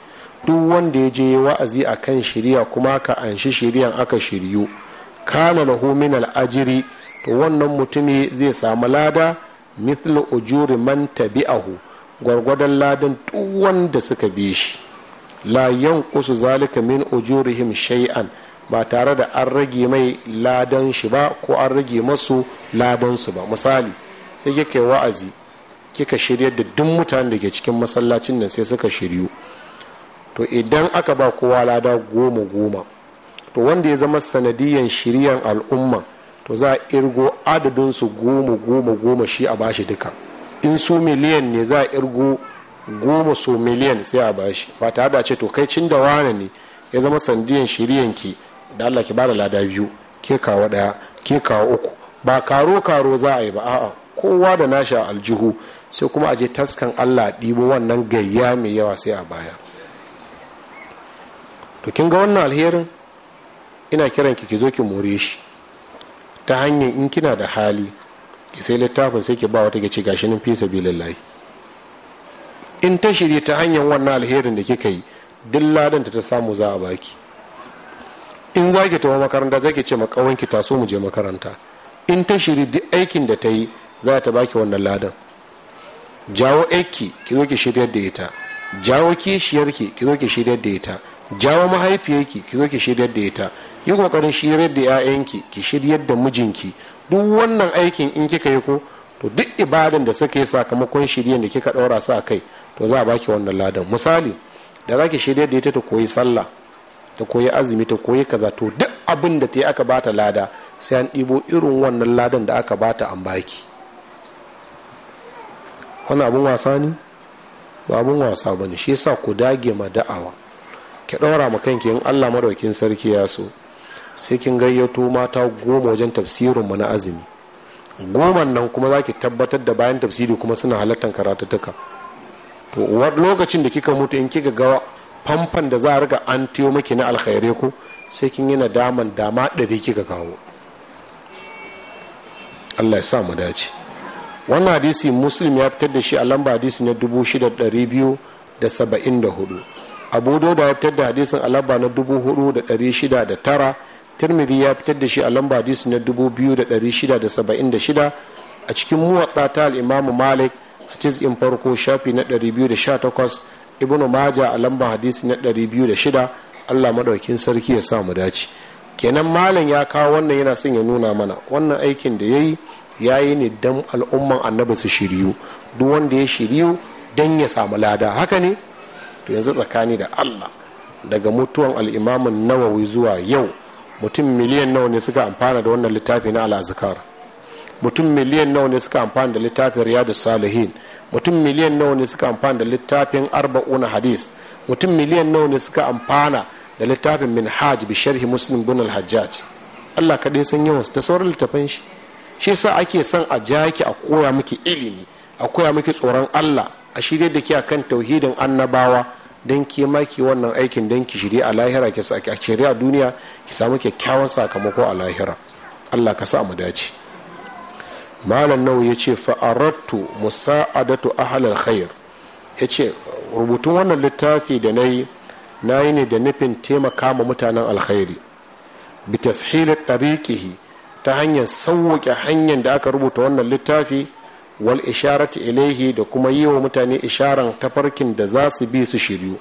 duk wanda ya je wa'azi a kan shari'a kuma ka anshi shari'an aka shiryu kama lahu min al'ajiri to wannan mutumi zai samu lada mithlu ujuri man tabi'ahu gwargwadon ladan duk wanda suka bi shi la yanqusu zalika min ujurihim shay'an ba tare da an rage mai ladan shi ba ko an rage masu ladan su ba misali sai kika yi wa'azi kika shirya da duk mutanen da ke cikin masallacin nan sai suka shiryu to idan aka ba kowa lada goma goma to wanda ya zama sanadiyan shiryan al'umma to za a irgo adadin su goma goma goma shi a bashi duka in su miliyan ne za a irgo goma su miliyan sai a bashi ba tare da ce to kai cin da wane ne ya zama sanadiyan shiryan ki da Allah ki bada lada biyu ke kawo daya ke kawo uku ba karo karo za a yi ba a'a kowa da nashi a aljihu sai kuma a je taskan Allah ɗibo wannan gayya mai yawa sai a baya to kin ga wannan alherin ina kiran ki zo ki more shi ta hanyar in kina da hali ki sai littafin sai ki ba wata gaci gashi nan fi sabilillahi in ta shirye ta hanyar wannan alherin da kika yi duk ladan ta samu za a baki in za ki tafi makaranta za ki ce makawan ki taso mu je makaranta in ta shiri duk aikin da ta yi za ta baki wannan ladan jawo aiki ki zo ki shiryar da ita jawo kishiyarki ki zo ki shiryar da ita jawo mahaifiyarki ki zo ki shiryar da ita yi kokarin shiryar da 'ya'yanki ki shiryar da mijinki duk wannan aikin in kika yi ko to duk ibadan da suka yi sakamakon shiryen da kika ɗaura su a kai to za a baki wannan ladan misali da za ki shirya da ita ta koyi sallah ta koyi azumi ta koyi kaza to duk abin da ta yi aka bata lada sai an ɗibo irin wannan ladan da aka bata an baki wani abin wasa ne ba abin wasa ba ne shi yasa ku dage ma da'awa ki ɗaura ma kanki in allah madaukin sarki ya so sai kin gayyato mata goma wajen tafsirin mu na azumi goman nan kuma za ki tabbatar da bayan tafsiri kuma suna halartar karatuttuka to lokacin da kika mutu in kika gawa famfan da za a riga an tiyo maki na alkhairai ku sai kin yi nadaman dama ɗari kika kawo allah ya sa mu dace wannan hadisi muslim ya fitar da shi a lamba hadisi na 6274 abu da ya fitar da hadisin a lamba na 4609 tirmidhi ya fitar da shi a lamba hadisi na 2676 a cikin muwatta ta al'imamu malik a cikin farko shafi na 218 ibnu maja a lambar hadisi na ɗari biyu da shida allah maɗaukin sarki ya sa mu dace kenan malam ya kawo wannan yana son ya nuna mana wannan aikin da ya yi ya yi ne don al'umman annabi su shiryu duk wanda ya shiryu don ya samu lada haka ne to yanzu tsakani da allah daga mutuwan al'imamin nawawi zuwa yau mutum miliyan nawa ne suka amfana da wannan littafi na al'azikar mutum miliyan nawa ne suka amfana da littafin riyadu salihin mutum miliyan nawa ne suka amfana da littafin arba'una hadis mutum miliyan nawa ne suka amfana da littafin min minhaj bi sharhi muslim bin al-hajjaj Allah kaɗai san yawan da sauran littafan shi shi sa ake son a jaki a koya miki ilimi a koya miki tsoron Allah a shirye da ke akan tauhidin annabawa don ki maki wannan aikin don ki shirya a lahira ki a a duniya ki samu kyakkyawan sakamako a lahira Allah ka sa mu dace malam nau ya ce fa'arattu musa'adatu ahlal khair ya ce rubutun wannan littafi da na yi na yi ne da nufin taimaka ma mutanen alkhairi bitas tashila tariqihi ta hanyar sauwake hanyar da aka rubuta wannan littafi wal isharati ilaihi da kuma yi wa mutane isharan tafarkin da za su bi su shiryu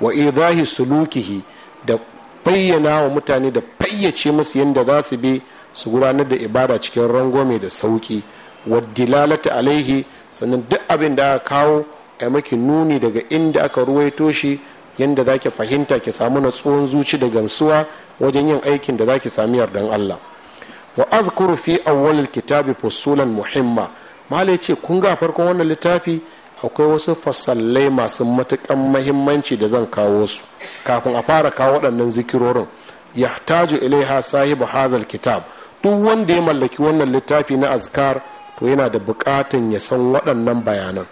wa idahi sulukihi da bayyana wa mutane da fayyace musu yadda za su bi su gudanar da ibada cikin rangwame da sauki waddilalata alaihi sannan duk abin da aka kawo a maki nuni daga inda aka ruwaito shi yadda za ki fahimta ki samu natsuwan zuci da gamsuwa wajen yin aikin da za ki sami yardan Allah wa azkuru fi awwalil kitabi fusulan muhimma malai ce kun ga farkon wannan littafi akwai wasu fasallai masu matukan mahimmanci da zan kawo su kafin a fara kawo waɗannan zikirorin yahtaju ilaiha sahibu hazal kitab duk wanda ya mallaki wannan littafi na azkar to yana da bukatan ya san waɗannan bayanan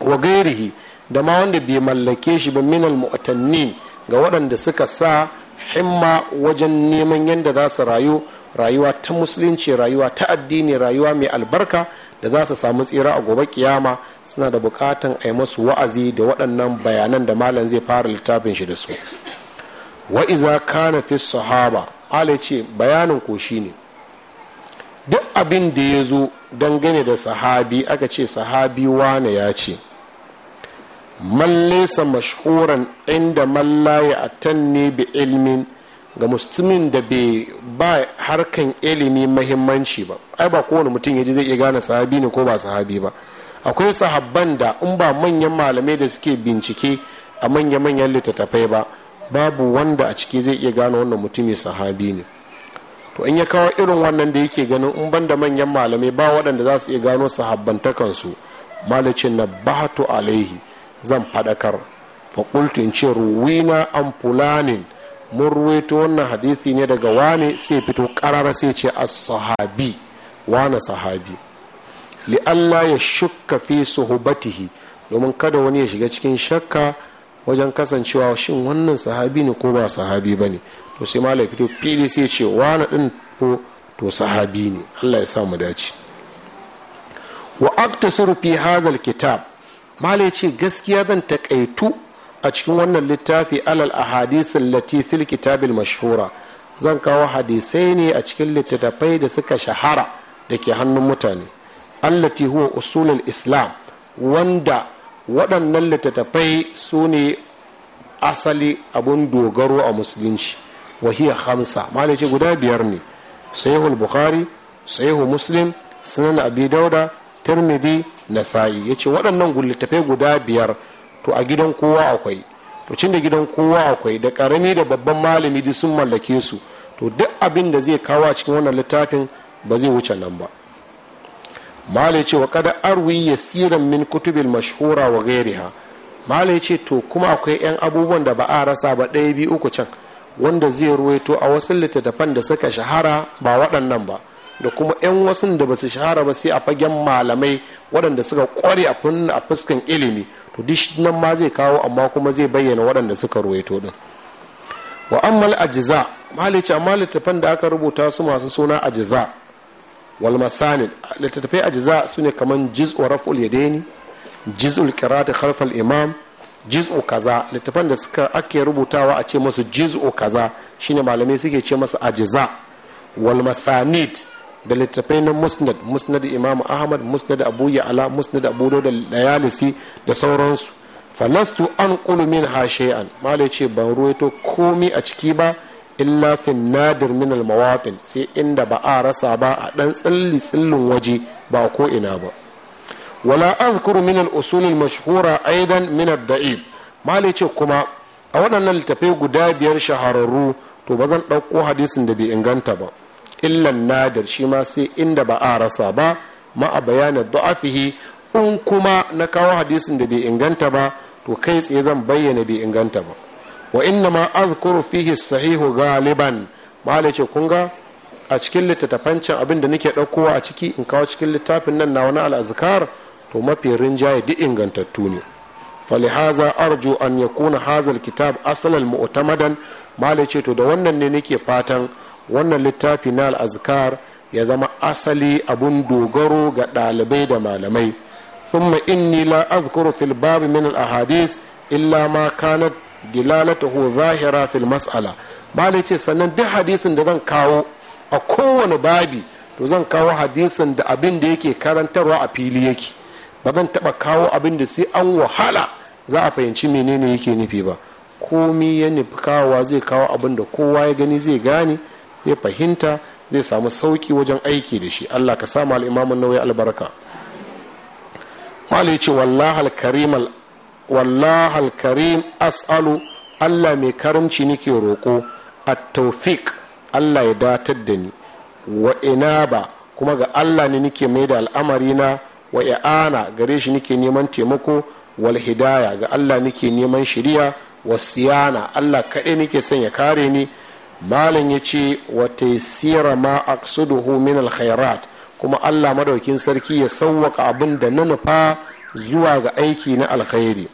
wa gairihi da ma wanda bai mallake shi ba minal mutanni ga waɗanda suka sa himma wajen neman yadda za su rayu rayuwa ta musulunci rayuwa ta addini rayuwa mai albarka da za su samu tsira a gobe kiyama suna da bukatan a yi masu wa'azi da waɗannan bayanan da malam zai fara littafin shi da su Wa'iza iza kana fi sahaba ala ce bayanin ko shi ne duk abin da ya zo dangane da sahabi aka ce sahabi wane ya ce mallesa mashhuran inda mallaye a tanne bi ilmin ga musulmin da bai ba harkan ilimi mahimmanci ba ai ba kowane mutum ya ji zai iya gane sahabi ne ko ba sahabi ba akwai sahabban da in ba manyan malamai da suke bincike a manya-manyan littattafai ba babu wanda a ciki zai iya gano wannan mutum mai sahabi ne to in ya kawo irin wannan da yake ganin in banda manyan malamai ba waɗanda za su iya gano sahabbantakansu malacin na bahatu alaihi zan faɗakar faƙultu in ce ruwina an fulanin mun ruwaito wannan hadithi ne daga wane sai fito ƙarara sai ce a sahabi wane sahabi li'alla ya shukka fi suhubatihi domin kada wani ya shiga cikin shakka wajen kasancewa shin wannan sahabi ne ko ba sahabi ba ne to sai malam fito fili sai ce wani ɗin ko to sahabi ne allah ya sa mu dace wa akta surufi hazal kitab ma ce gaskiya zan takaitu a cikin wannan littafi alal ahadith latifin fil kitabil mashhura zan kawo hadisai ne a cikin littattafai da suka shahara da ke hannun mutane allati huwa usulul islam wanda waɗannan littattafai su ne asali abun dogaro a musulunci wahiyar hamsa malai ce guda biyar ne sahihul bukhari sahihul muslim sunan abi dauda tirmidhi nasa'i yace waɗannan littattafai guda biyar to a gidan kowa akwai to cin da gidan kowa akwai da karami da babban malami duk sun mallake su to duk abin da zai kawo a cikin wannan littafin ba zai wuce nan ba malai ce wa kada arwi yasiran min kutubil mashhura wa gairiha malai ce to kuma akwai yan abubuwan da ba a rasa ba ɗaya biyu uku can wanda zai ruwaito a wasu littattafan da suka shahara ba waɗannan ba da kuma yan wasu da ba su shahara ba sai a fagen malamai waɗanda suka ƙware a fuskan ilimi to duk nan ma zai kawo amma kuma zai bayyana waɗanda suka ruwaito din wa ajiza ajza malai ce amma littattafan da aka rubuta su masu suna ajiza. wal masanin littattafai jiza su ne kamar jiz'u raf'ul yadaini jiz'ul qira'ati khalf imam jiz'u kaza littafan da suka ake rubutawa a ce masu jiz'u kaza shine malamai suke ce masa ajza wal masanid da littattafai na musnad musnad imam ahmad musnad abu ala musnad abu da layalisi da sauransu falastu an min ha shay'an malai ce ban ruwaito komi a ciki ba illa fin nadir min almawatin sai inda ba a rasa ba a dan tsilli tsillin waje ba ko ina ba wala azkuru min al-usul aidan min ad mali ce kuma a waɗannan littafai guda biyar shahararru to ba zan ɗauko hadisin da bai inganta ba illan nadir shi ma sai inda ba a rasa ba ma a bayanin da'afihi in kuma na kawo hadisin da bai inganta ba to kai tsaye zan bayyana bai inganta ba wa inna ma azkuru fihi sahihu galiban malai ce kunga a cikin littattafan can abin da nake ɗaukowa a ciki in kawo cikin littafin nan na wani al'azkar to mafi rinjaye duk ingantattu ne falihaza arju an ya kuna hazal kitab asalal mu'tamadan malai ce to da wannan ne nake fatan wannan littafi na al'azkar ya zama asali abun dogaro ga ɗalibai da malamai ثم إني لا fil في الباب من illa ma ما كانت dilalatuhu zahira fil mas'ala malai ce sannan duk hadisin da zan kawo a kowane babi to zan kawo hadisin da abin da yake karantarwa a fili yake ba zan taba kawo abin da sai an wahala za a fahimci menene yake nufi ba komi ya nufi kawowa zai kawo abin da kowa ya gani zai gane zai fahimta zai samu sauki wajen aiki da shi allah ka samu al'imamun nauyi albarka malai ce wallahal karimal wallah alkarim as'alu allah mai karimci nike roƙo a taufik allah ya datar da ni wa inaba kuma ga allah ne nike mai da al'amarina wa i'ana gare shi nike neman taimako wal hidaya ga allah nike neman shiriya wa siyana allah kaɗai nake son ya kare ni malam ya ce wa taisira ma aqsiduhu min alkhairat kuma allah madaukin sarki ya sauwaka abin da na nufa zuwa ga aiki na alkhairi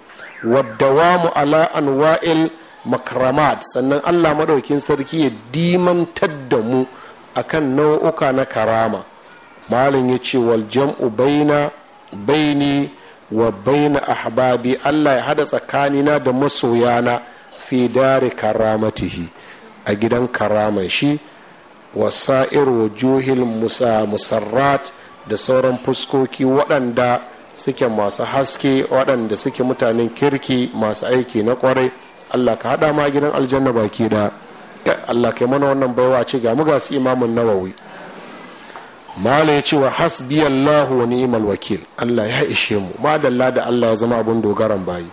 waddawamu ala anwa'il makramat sannan allah maɗaukin sarki ya dimantar da mu akan nau'uka na karama malin ya ce wal jam'u baina baini wa baina ahbabi allah ya hada tsakanina da masoyana fi dare karamatihi a gidan karaman shi wasa'ir wujuhil musarrat da sauran fuskoki waɗanda suke masu haske waɗanda suke mutanen kirki masu aiki na kwarai allah ka haɗa ma gidan aljanna baki da allah kai mana wannan baiwa ce ga muga su imamun nawawi mala ya ce wa hasbi allah wa ni'mal wakil allah ya ishe mu madalla da allah ya zama abun dogaran bayi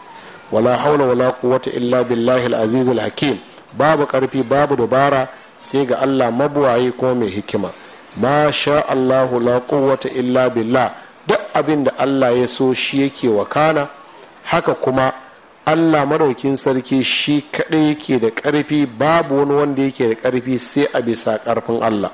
wala haula wala quwwata illa billahi al-aziz al-hakim babu karfi babu dubara sai ga allah mabuwaye ko mai hikima ma sha allahu la quwwata illa billah duk abin da allah ya so shi yake wakana haka kuma allah maraukin sarki shi kaɗai yake da ƙarfi babu wani wanda yake da ƙarfi sai a bisa ƙarfin allah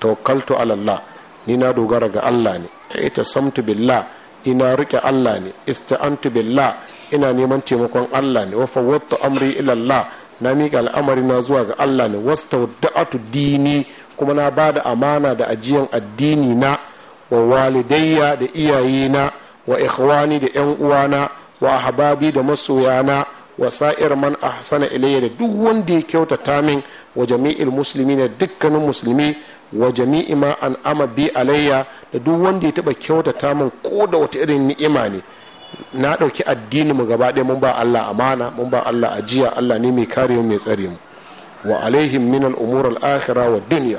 tawakkaltu alallah ni na dogara ga allah ne ita samtu billah ina rike allah ne ista'antu billah ina neman taimakon allah ne wa fawwattu amri Allah na miƙa al'amari na zuwa ga allah ne wastawda'atu dini kuma na ba da amana da ajiyan addini na wa walidayya da iyayena wa ikhwani da yan uwana wa ahbabi da masoyana wa sa'ir man ahsana ilayya da duk wanda ya kyautata min wa jami'il musulmi da dukkanin musulmi wa jami'i ma an ama bi alayya da duk wanda ya taba kyautata min ko da wata irin ni'ima ne na ɗauki addini mu gaba ɗaya mun ba Allah amana mun ba Allah ajiya Allah ne mai kare mu mai tsare mu wa alaihim min al-umur al-akhirah wa dunya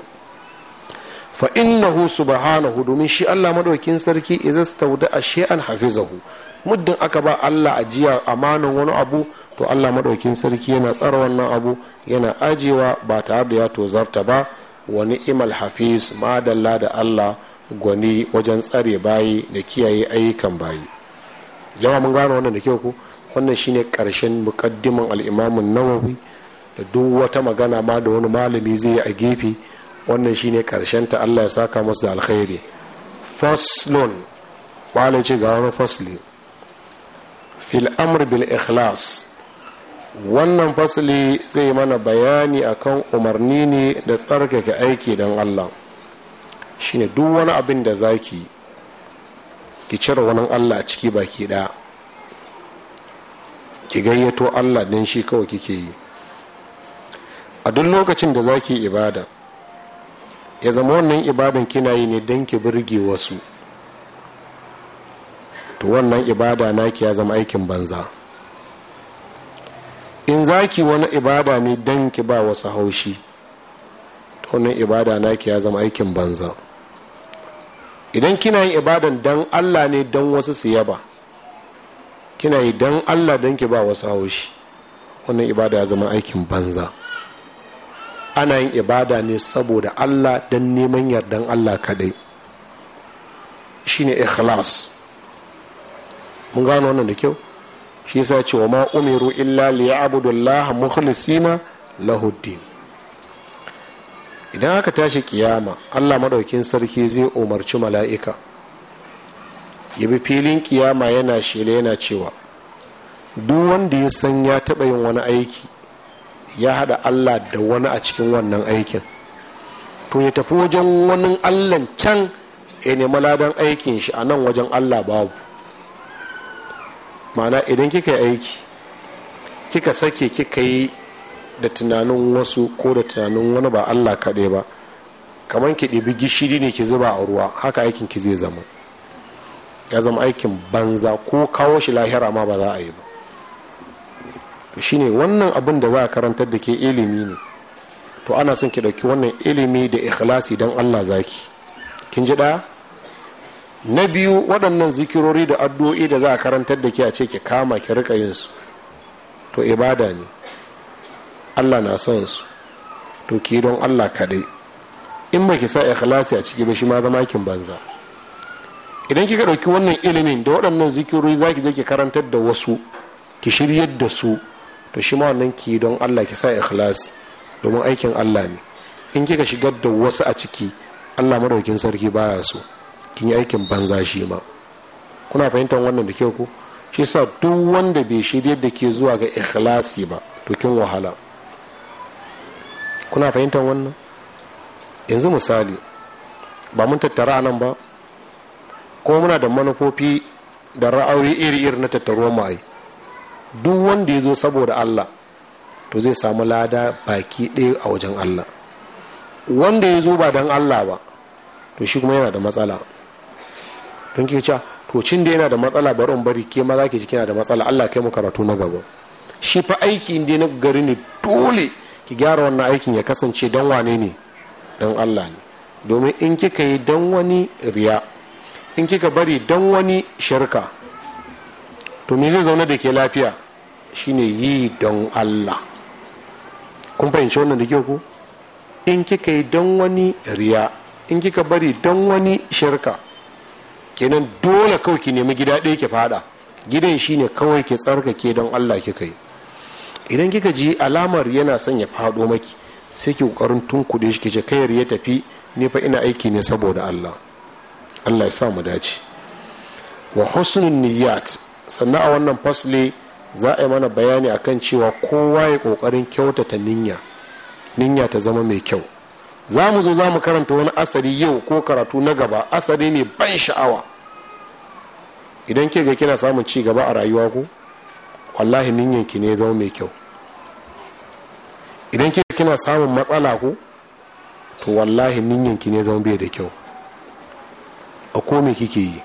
fa innahu subhanahu domin shi Allah madaukin sarki idza stauda shay'an hafizahu muddin aka ba Allah ajiya amanan wani abu to Allah madaukin sarki yana tsara wannan abu yana ajiyewa ba tare da ya tozarta ba wani ni'mal hafiz madalla da Allah gwani wajen tsare bayi da kiyaye ayyukan bayi jama'a mun gano wannan da kyau ko wannan shine karshen muqaddiman al-Imam nawawi da duk wata magana ma da wani malami zai yi a gefe wannan shine karshen ta Allah ya saka masu da alkhairi faslun wala ce ga wani fasli fil amr bil ikhlas wannan fasli zai mana bayani akan umarni ne da tsarkake aiki don Allah shi ne duk wani abin da zaki ki cire wani Allah a ciki baki ɗaya ki gayyato Allah don shi kawai kike yi a duk lokacin da zaki ibada ya zama wannan ibadan kina yi ne don ki birge wasu to wannan ibada na ki ya zama aikin banza in za ki wani ibada ne don ki ba wasu haushi to wannan ibada na ki ya zama aikin banza idan kina yin ibadan don allah ne don wasu su yaba kina yi don allah don ki ba wasu haushi wannan ibada ya zama aikin banza ana yin ibada ne saboda Allah don neman yardan Allah kadai shine ikhlas mun gano wannan da kyau shi yasa ce wa ma umiru illa abudullaha mukhlisina lahuddin idan aka tashi kiyama Allah madaukin sarki zai umarci mala'ika ya bi filin kiyama yana shela yana cewa duk wanda ya san ya taɓa yin wani aiki ya haɗa allah da wani a cikin wannan aikin to ya tafi wajen wani allan can ya nemi ladan aikin shi a nan wajen allah babu mana idan kika yi aiki kika sake kika yi da tunanin wasu ko da tunanin wani ba allah kaɗai ba kamar ki ɗibi gishiri ne ki zuba a ruwa haka aikin ki zai zama ya zama aikin banza ko kawo shi lahira ma ba za a yi ba shine wannan abin da za a karantar da ke ilimi ne to ana son ki ɗauki wannan ilimi da ikhlasi don allah zaki kin ji ɗaya na biyu waɗannan zikirori da addu'o'i da za a karantar da ke a ce ki kama ki rika yin su to ibada ne allah na son su to ki don allah kaɗai in ba ki sa ikhlasi a ciki ba shi ma zama kin banza idan kika ɗauki wannan ilimin da waɗannan zikirori za ki je ki karantar da wasu ki shiryar da su to shi ma nan ki don Allah ki sa ikhlasi domin aikin Allah ne in kika shigar da wasu a ciki Allah madaukin sarki baya so kin yi aikin banza shi ma kuna fahimtar wannan da kyau ko shi sa duk wanda bai shirya da ke zuwa ga ikhlasi ba to kin wahala kuna fahimtar wannan yanzu misali ba mun tattara nan ba ko muna da manufofi da ra'ayoyi iri-iri na tattaro ma'ai duk wanda ya zo saboda Allah to zai samu lada baki ɗaya a wajen Allah wanda ya zo ba don Allah ba to shi kuma yana da matsala don ke cewa to cin da yana da matsala bari in bari ke maza ci kina da matsala Allah kai mu karatu na gaba shi fa aiki inda na gari ne dole ki gyara wannan aikin ya kasance don wane ne don Allah ne domin in kika yi don wani riya in kika bari don wani shirka to me zai zauna da ke lafiya shine yi don Allah kun fahimci wannan da ke ku in kika yi don wani riya in kika bari don wani shirka kenan dole kawai ki nemi gida ɗaya ki fada gidan shine kawai ki tsarkake don Allah kika yi idan kika ji alamar yana son ya fado maki sai ki kokarin tunkuɗe shi kice kai ya tafi ne fa ina aiki ne saboda Allah Allah ya sa mu dace wa husnul niyyat sannan a wannan fasli za a yi mana bayani akan cewa kowa ya kokarin kyautata ninya ninya ta zama mai kyau za mu zo za mu karanta wani asali yau ko karatu na gaba asali ne ban sha'awa idan ke ga kina samun ci gaba a rayuwa ku wallahi ki ne zama mai kyau idan ke kina samun matsala ku to wallahi ki ne zama bai da kyau a kome kike yi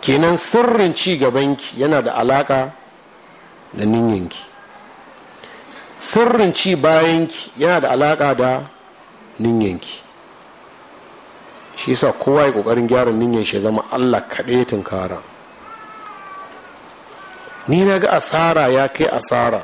kenan sirrin ci gabanki yana da alaka da ninyanki sirrin ci bayanki yana da alaka da ninyanki shi yasa kowa ya kokarin gyara ninyan shi zama allah kaɗai tunkara ni na ga asara ya kai asara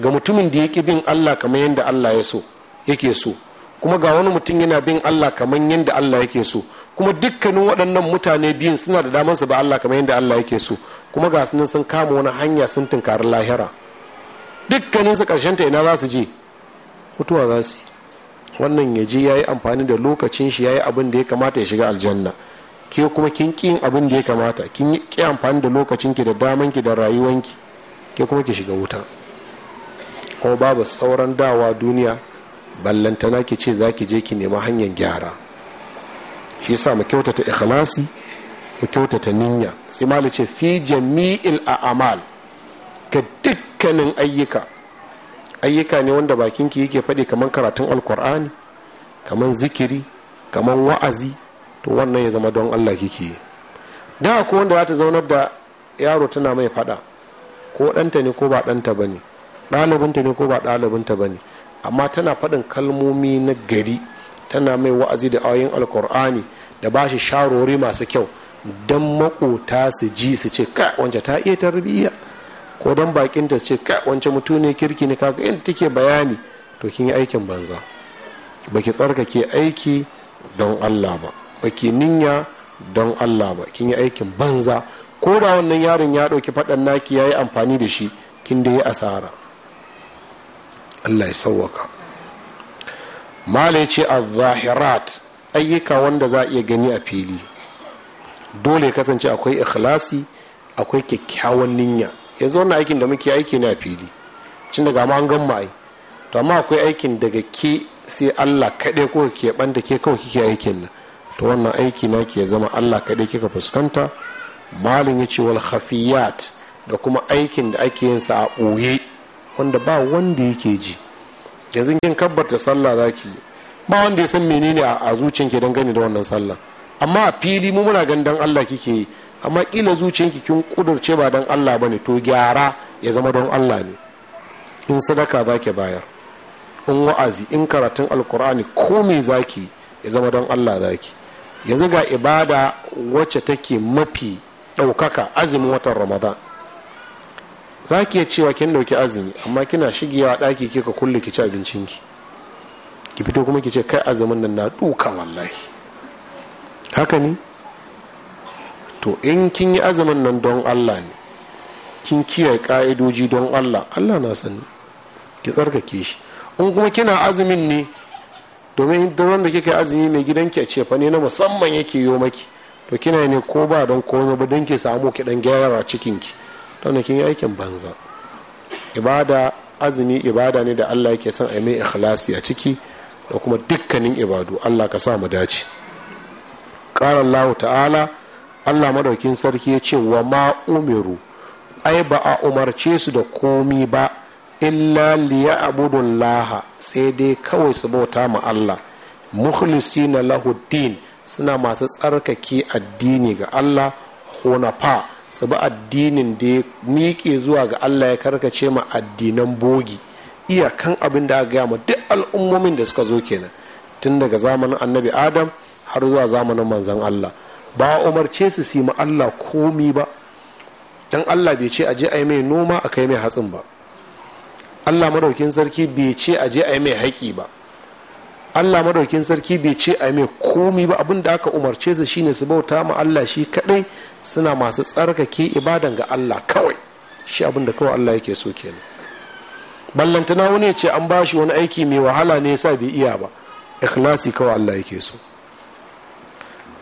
ga mutumin da ya bin allah kamar yadda allah ya so yake so kuma ga wani mutum yana bin allah kamar yadda allah yake so kuma dukkanin waɗannan mutane biyun suna da damar su ba Allah kamar yadda Allah yake so kuma ga sunan sun kama wani hanya sun tunkari lahira dukkanin su ƙarshen ta ina za su je mutuwa za su wannan ya je ya yi amfani da lokacin shi ya yi abin da ya kamata ya shiga aljanna ke kuma kin yin abin da ya kamata kin ki amfani da lokacin ki da daman ki da rayuwan ki ke kuma ki shiga wuta ko babu sauran dawa duniya ballantana ki ce za ki je ki nema hanyar gyara shi sa mu kyautata ikhlasi mu kyautata niyya sai ma ce fi jami'il a'mal ga dukkanin ayyuka ayyuka ne wanda bakin ki yake faɗi kamar karatun alkur'ani kamar zikiri kamar wa'azi to wannan ya zama don allah kike yi da ko wanda za ta zaunar da yaro tana mai faɗa ko ɗanta ne ko ba ɗanta ba ne ɗalibinta ne ko ba ɗalibinta ba amma tana faɗin kalmomi na gari tana mai wa'azi da ayoyin alkur'ani da ba shi sharori masu kyau don makota su ji su ce ka wance ta iya tarbiyya ko don bakin ta su ce ka wance mutu ne kirki ne kaga yadda take bayani to kin yi aikin banza baki tsarkake aiki don Allah ba baki ninya don Allah ba kin yi aikin banza ko da wannan yaron ya ɗauki faɗan naki ya yi amfani da shi kin da ya asara Allah ya sauwaka mala ce a zahirat ayyuka wanda za a iya gani a fili dole ya kasance akwai ikhlasi akwai kyakkyawan niyya zo wannan aikin da muke aiki ne a fili cin daga ma an gan ma'ai to amma akwai aikin daga ke sai allah kaɗai ko ke banda ke kawai kike aikin nan to wannan aiki na ke zama allah kaɗai kika fuskanta malin ya ce wal khafiyat da kuma aikin da ake yin sa a ɓoye wanda ba wanda yake ji yanzu kin kabbata sallah zaki ba wanda ya san menene a zuciyanki don gani da wannan sallah amma a fili mu muna ganin dan Allah kike yi amma kila zuciyanki kin kudurce ba dan Allah bane to gyara ya zama don Allah ne in sadaka zaki bayar in wa'azi in karatun alkur'ani ko me zaki ya zama don Allah zaki yanzu ga ibada wacce take mafi ɗaukaka azumin watan ramadan za ki iya cewa kin ɗauki azumi amma kina shigewa daki ke ka kulle ki ci abincinki ki fito kuma ki ce kai azumin nan na duka wallahi haka ne to in kin yi azumin nan don allah ne kin kiyaye ka'idoji don allah allah na sani ki tsarkake shi in kuma kina azumin ne domin da wanda kika azumi mai gidanki a cefa ne na musamman yake yo maki to kina ne ko ba don komai ba don ki samu ki dan gyara ki tauna yi aikin banza ibada azumi ibada ne da Allah yake son a mai ikhlasi a ciki da kuma dukkanin ibadu Allah ka sa mu dace qala Allah ta'ala Allah madaukin sarki ya ce wa ma umaru ai ba a umarce su da komi ba illa laha sai dai kawai su bauta ma Allah mukhlisi na lahudin suna masu tsarkake addini ga Allah hunafa su bi addinin da ya miƙe zuwa ga allah ya karkace ma addinan bogi iyakan abin da aka gaya ma duk al'ummomin da suka zo kenan tun daga zamanin annabi adam har zuwa zamanin manzan allah ba umarce su si ma allah komi ba dan allah bai ce aje a mai noma a kai mai hatsin ba allah madaukin sarki bai ce aje a yi mai haƙi ba allah madaukin sarki bai ce a mai komi ba abin da aka umarce su shine su bauta ma allah shi kadai suna masu tsarkake ibadan ga Allah kawai shi abin da kawai Allah yake so kenan ballantana wani ce an ba shi wani aiki mai wahala ne yasa bai iya ba ikhlasi kawai Allah yake so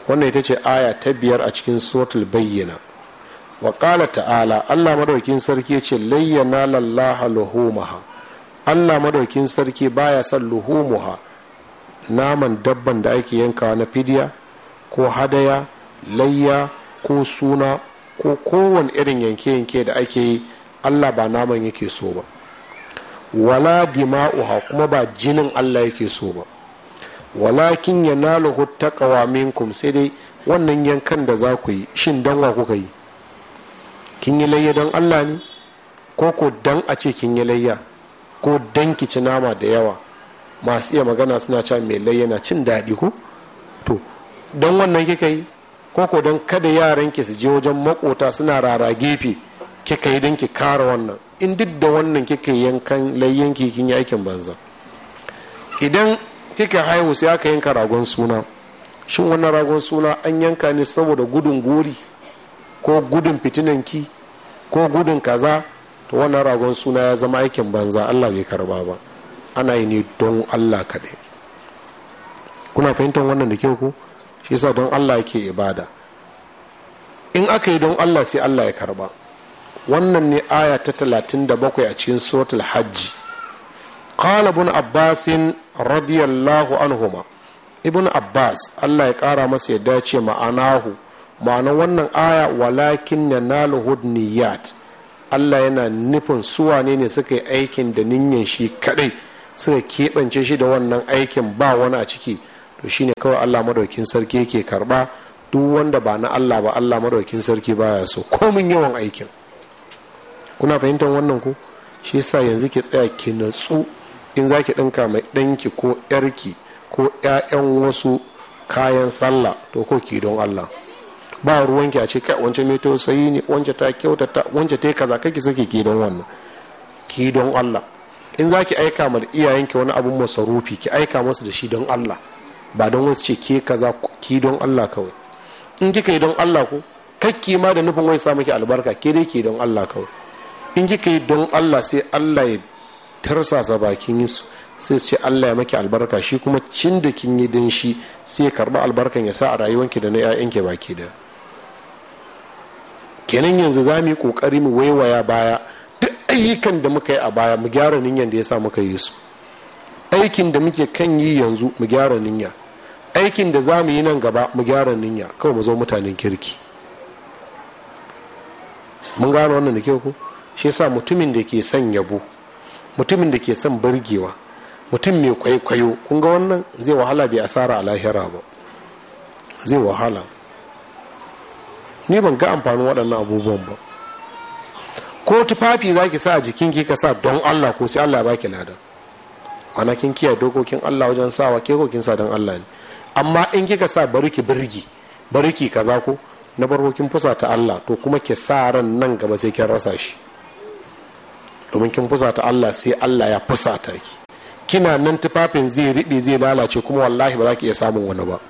wannan ita ce aya ta biyar a cikin suratul bayyana wa ta'ala Allah madaukin sarki ce layyana lallaha luhumaha Allah madaukin sarki baya son luhumuha naman dabban da ake yankawa na fidiya ko hadaya layya ko suna ko kowane irin yanke-yanke da ake yi allah ba naman yake so ba wala dima'uha kuma ba jinin allah yake so ba walakin ya nalahu taqwa minkum sai dai wannan yankan da za ku yi shin dan wa kuka yi kin yi layya don allah ne ko ko dan a ce kin yi layya ko dan ki ci nama da yawa masu iya magana suna cewa mai layya na cin daɗi ko to don wannan kika yi ko ko don kada yaran ki su je wajen makota suna rara gefe kika yi don ki kara wannan in duk da wannan kika yankan layyanki kin yi aikin banza idan kika haihu sai aka yanka ragon suna shin wannan ragon suna an yanka ne saboda gudun gori ko gudun ki, ko gudun kaza to wannan ragon suna ya zama aikin banza allah bai karba ba ana yi ne don allah kaɗai kuna fahimtar wannan da kyau ko shi yasa don allah yake ibada in aka yi don allah sai allah ya karba wannan ne aya ta bakwai a cikin suratul hajji qala ibn abbas radiyallahu anhuma ibn abbas allah ya kara masa yadda ce ma'anahu ma'ana wannan aya walakin nalu hudniyat allah yana nufin suwane ne suka yi aikin da ninyan shi kadai suka keɓance shi da wannan aikin ba wani a ciki to shi ne kawai Allah madaukin sarki yake karba duk wanda ba na Allah ba Allah madaukin sarki baya so komin yawan aikin kuna fahimtar wannan ku shi sa yanzu ki tsaya ki natsu in za ki ɗinka mai ɗanki ko ƴarki ko ƴaƴan wasu kayan sallah to ko ki don Allah ba ruwanki a ce kai wance mai tausayi ne wance ta ta wance ta kaza kake sake ki don wannan ki don Allah in za ki aika ma iyayenki wani abun masarufi ki aika masu da shi don Allah ba don wasu ce ke kaza ki don Allah kawai in kika yi don Allah ko kakki ma da nufin wai sa miki albarka ke dai ke don Allah kawai in kika yi don Allah sai Allah ya tarsasa bakin su sai ce Allah ya maki albarka shi kuma cin da kin yi din shi sai ya karba albarkan ya sa a rayuwanki da na 'ya'yanki baki da kenan yanzu za mu yi kokari mu waiwaya baya duk ayyukan da muka yi a baya mu gyara ninyan da ya sa muka yi su aikin da muke kan yi yanzu mu gyara niyya aikin da za mu yi nan gaba mu gyara niyya kawai mu zo mutanen kirki mun gano wannan da ku shi yasa mutumin da ke son yabo mutumin da ke son burgewa mutum mai kwaikwayo kun ga wannan zai wahala bai asara a lahira ba zai wahala ni ban ga amfanin waɗannan abubuwan ba ko tufafi za ki sa a jikin ki ka sa don allah ko sai allah ya baki ladan ana kin kiyaye dokokin Allah wajen sawa ke ko sa dan Allah ne amma in kika sa bari ki birgi bari kaza ko na farko kin fusa ta Allah to kuma ke sa ran nan gaba sai kin rasa shi domin kin fusa ta Allah sai Allah ya fusa ta ki kina nan tufafin zai riɓe zai lalace kuma wallahi ba za ki iya samun wani ba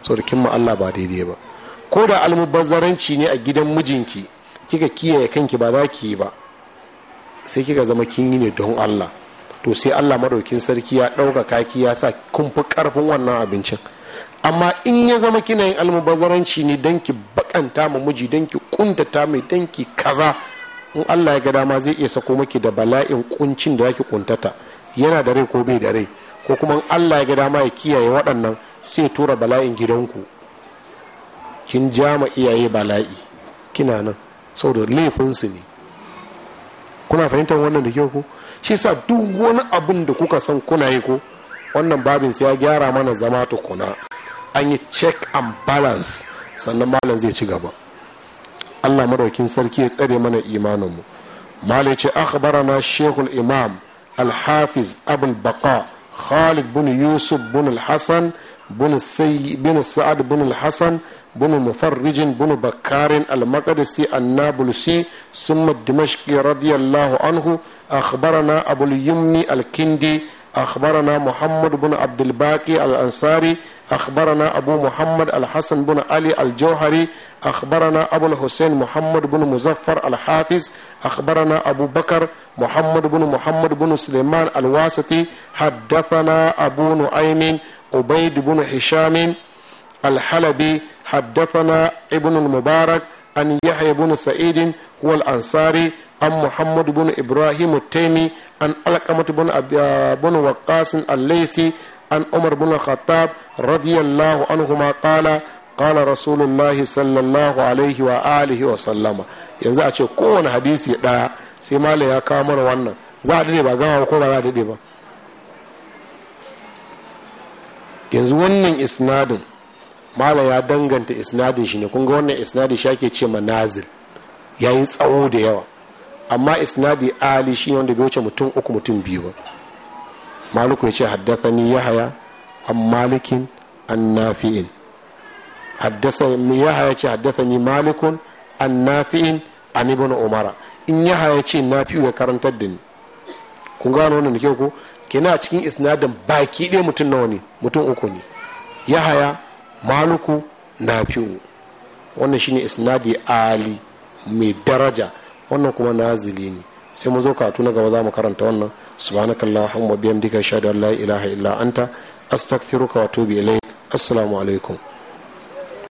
saboda kin ma Allah ba daidai ba ko da almubazzaranci ne a gidan mijinki kika kiyaye kanki ba za ki yi ba sai kika zama kin yi ne don Allah to sai allah maɗaukin sarki ya ɗaukaka ki ya sa kun fi ƙarfin wannan abincin amma in ya zama kina yin almubazzaranci ne don ki bakanta ma miji don ki kuntata mai don ki kaza in allah ya ga dama zai iya sako maki da bala'in kuncin da yake kuntata yana da rai ko bai da rai ko kuma in allah ya ga dama ya kiyaye waɗannan sai tura bala'in gidanku kin ja ma iyaye bala'i kina nan saboda laifinsu ne kuna fahimtar wannan da kyau ko shi sa duk wani abin da kuka san kuna yi ko wannan babin sai ya gyara mana zama tukuna an yi check and balance sannan malam zai ci gaba allah madaukin sarki ya tsare mana imaninmu malam ce akhbarana shekul imam alhafiz abul baqa khalid bin yusuf bin al bunu sai bin sa'ad bin al-hasan bin mufarrijin bin bakarin al-maqdisi an-nablusi summa dimashqi radiyallahu anhu akhbarana abul yumni al-kindi akhbarana muhammad bin abdul baqi al-ansari akhbarana abu muhammad al-hasan bin ali al-jawhari akhbarana abul husain muhammad bin muzaffar al-hafiz akhbarana abu bakar muhammad bin muhammad al-Wasati al-wasiti haddathana abu nu'aymin عبيد بن هشام الحلبي حدثنا ابن المبارك عن يحيى بن سعيد هو الأنصاري عن محمد بن إبراهيم التيمي عن علقمة بن بن وقاص الليثي عن عمر بن الخطاب رضي الله عنهما قال قال رسول الله صلى الله عليه وآله وسلم yanzu a ce kowane hadisi ɗaya sai malam ya kawo mana wannan za a daɗe ba gama ko ba za a daɗe ba yanzu wannan isnadin mala ya danganta isnadin shi ne kunga wannan isnadin shi ake ce manazil ya yi tsawo da yawa amma isnadi ali shi ne wanda bai wuce mutum uku mutum biyu ba maluku ya ce haddasa ya yahaya an malikin an nafi'in yahaya ce haddasa ni malikun an nafi'in an ibn umara in yahaya ce nafi'u ya karantar da ni kun gano wannan da kyau ko kenan cikin isnadin baki ɗaya mutum nawa ne mutum uku ne yahaya maluku nafi'u wannan shine isnadi ali mai daraja wannan kuma nazili ne sai mu zo katu na gaba za mu karanta wannan wa bihamdika ashhadu an la ilaha illa anta astaghfiruka wa atubu ilaik assalamu alaikum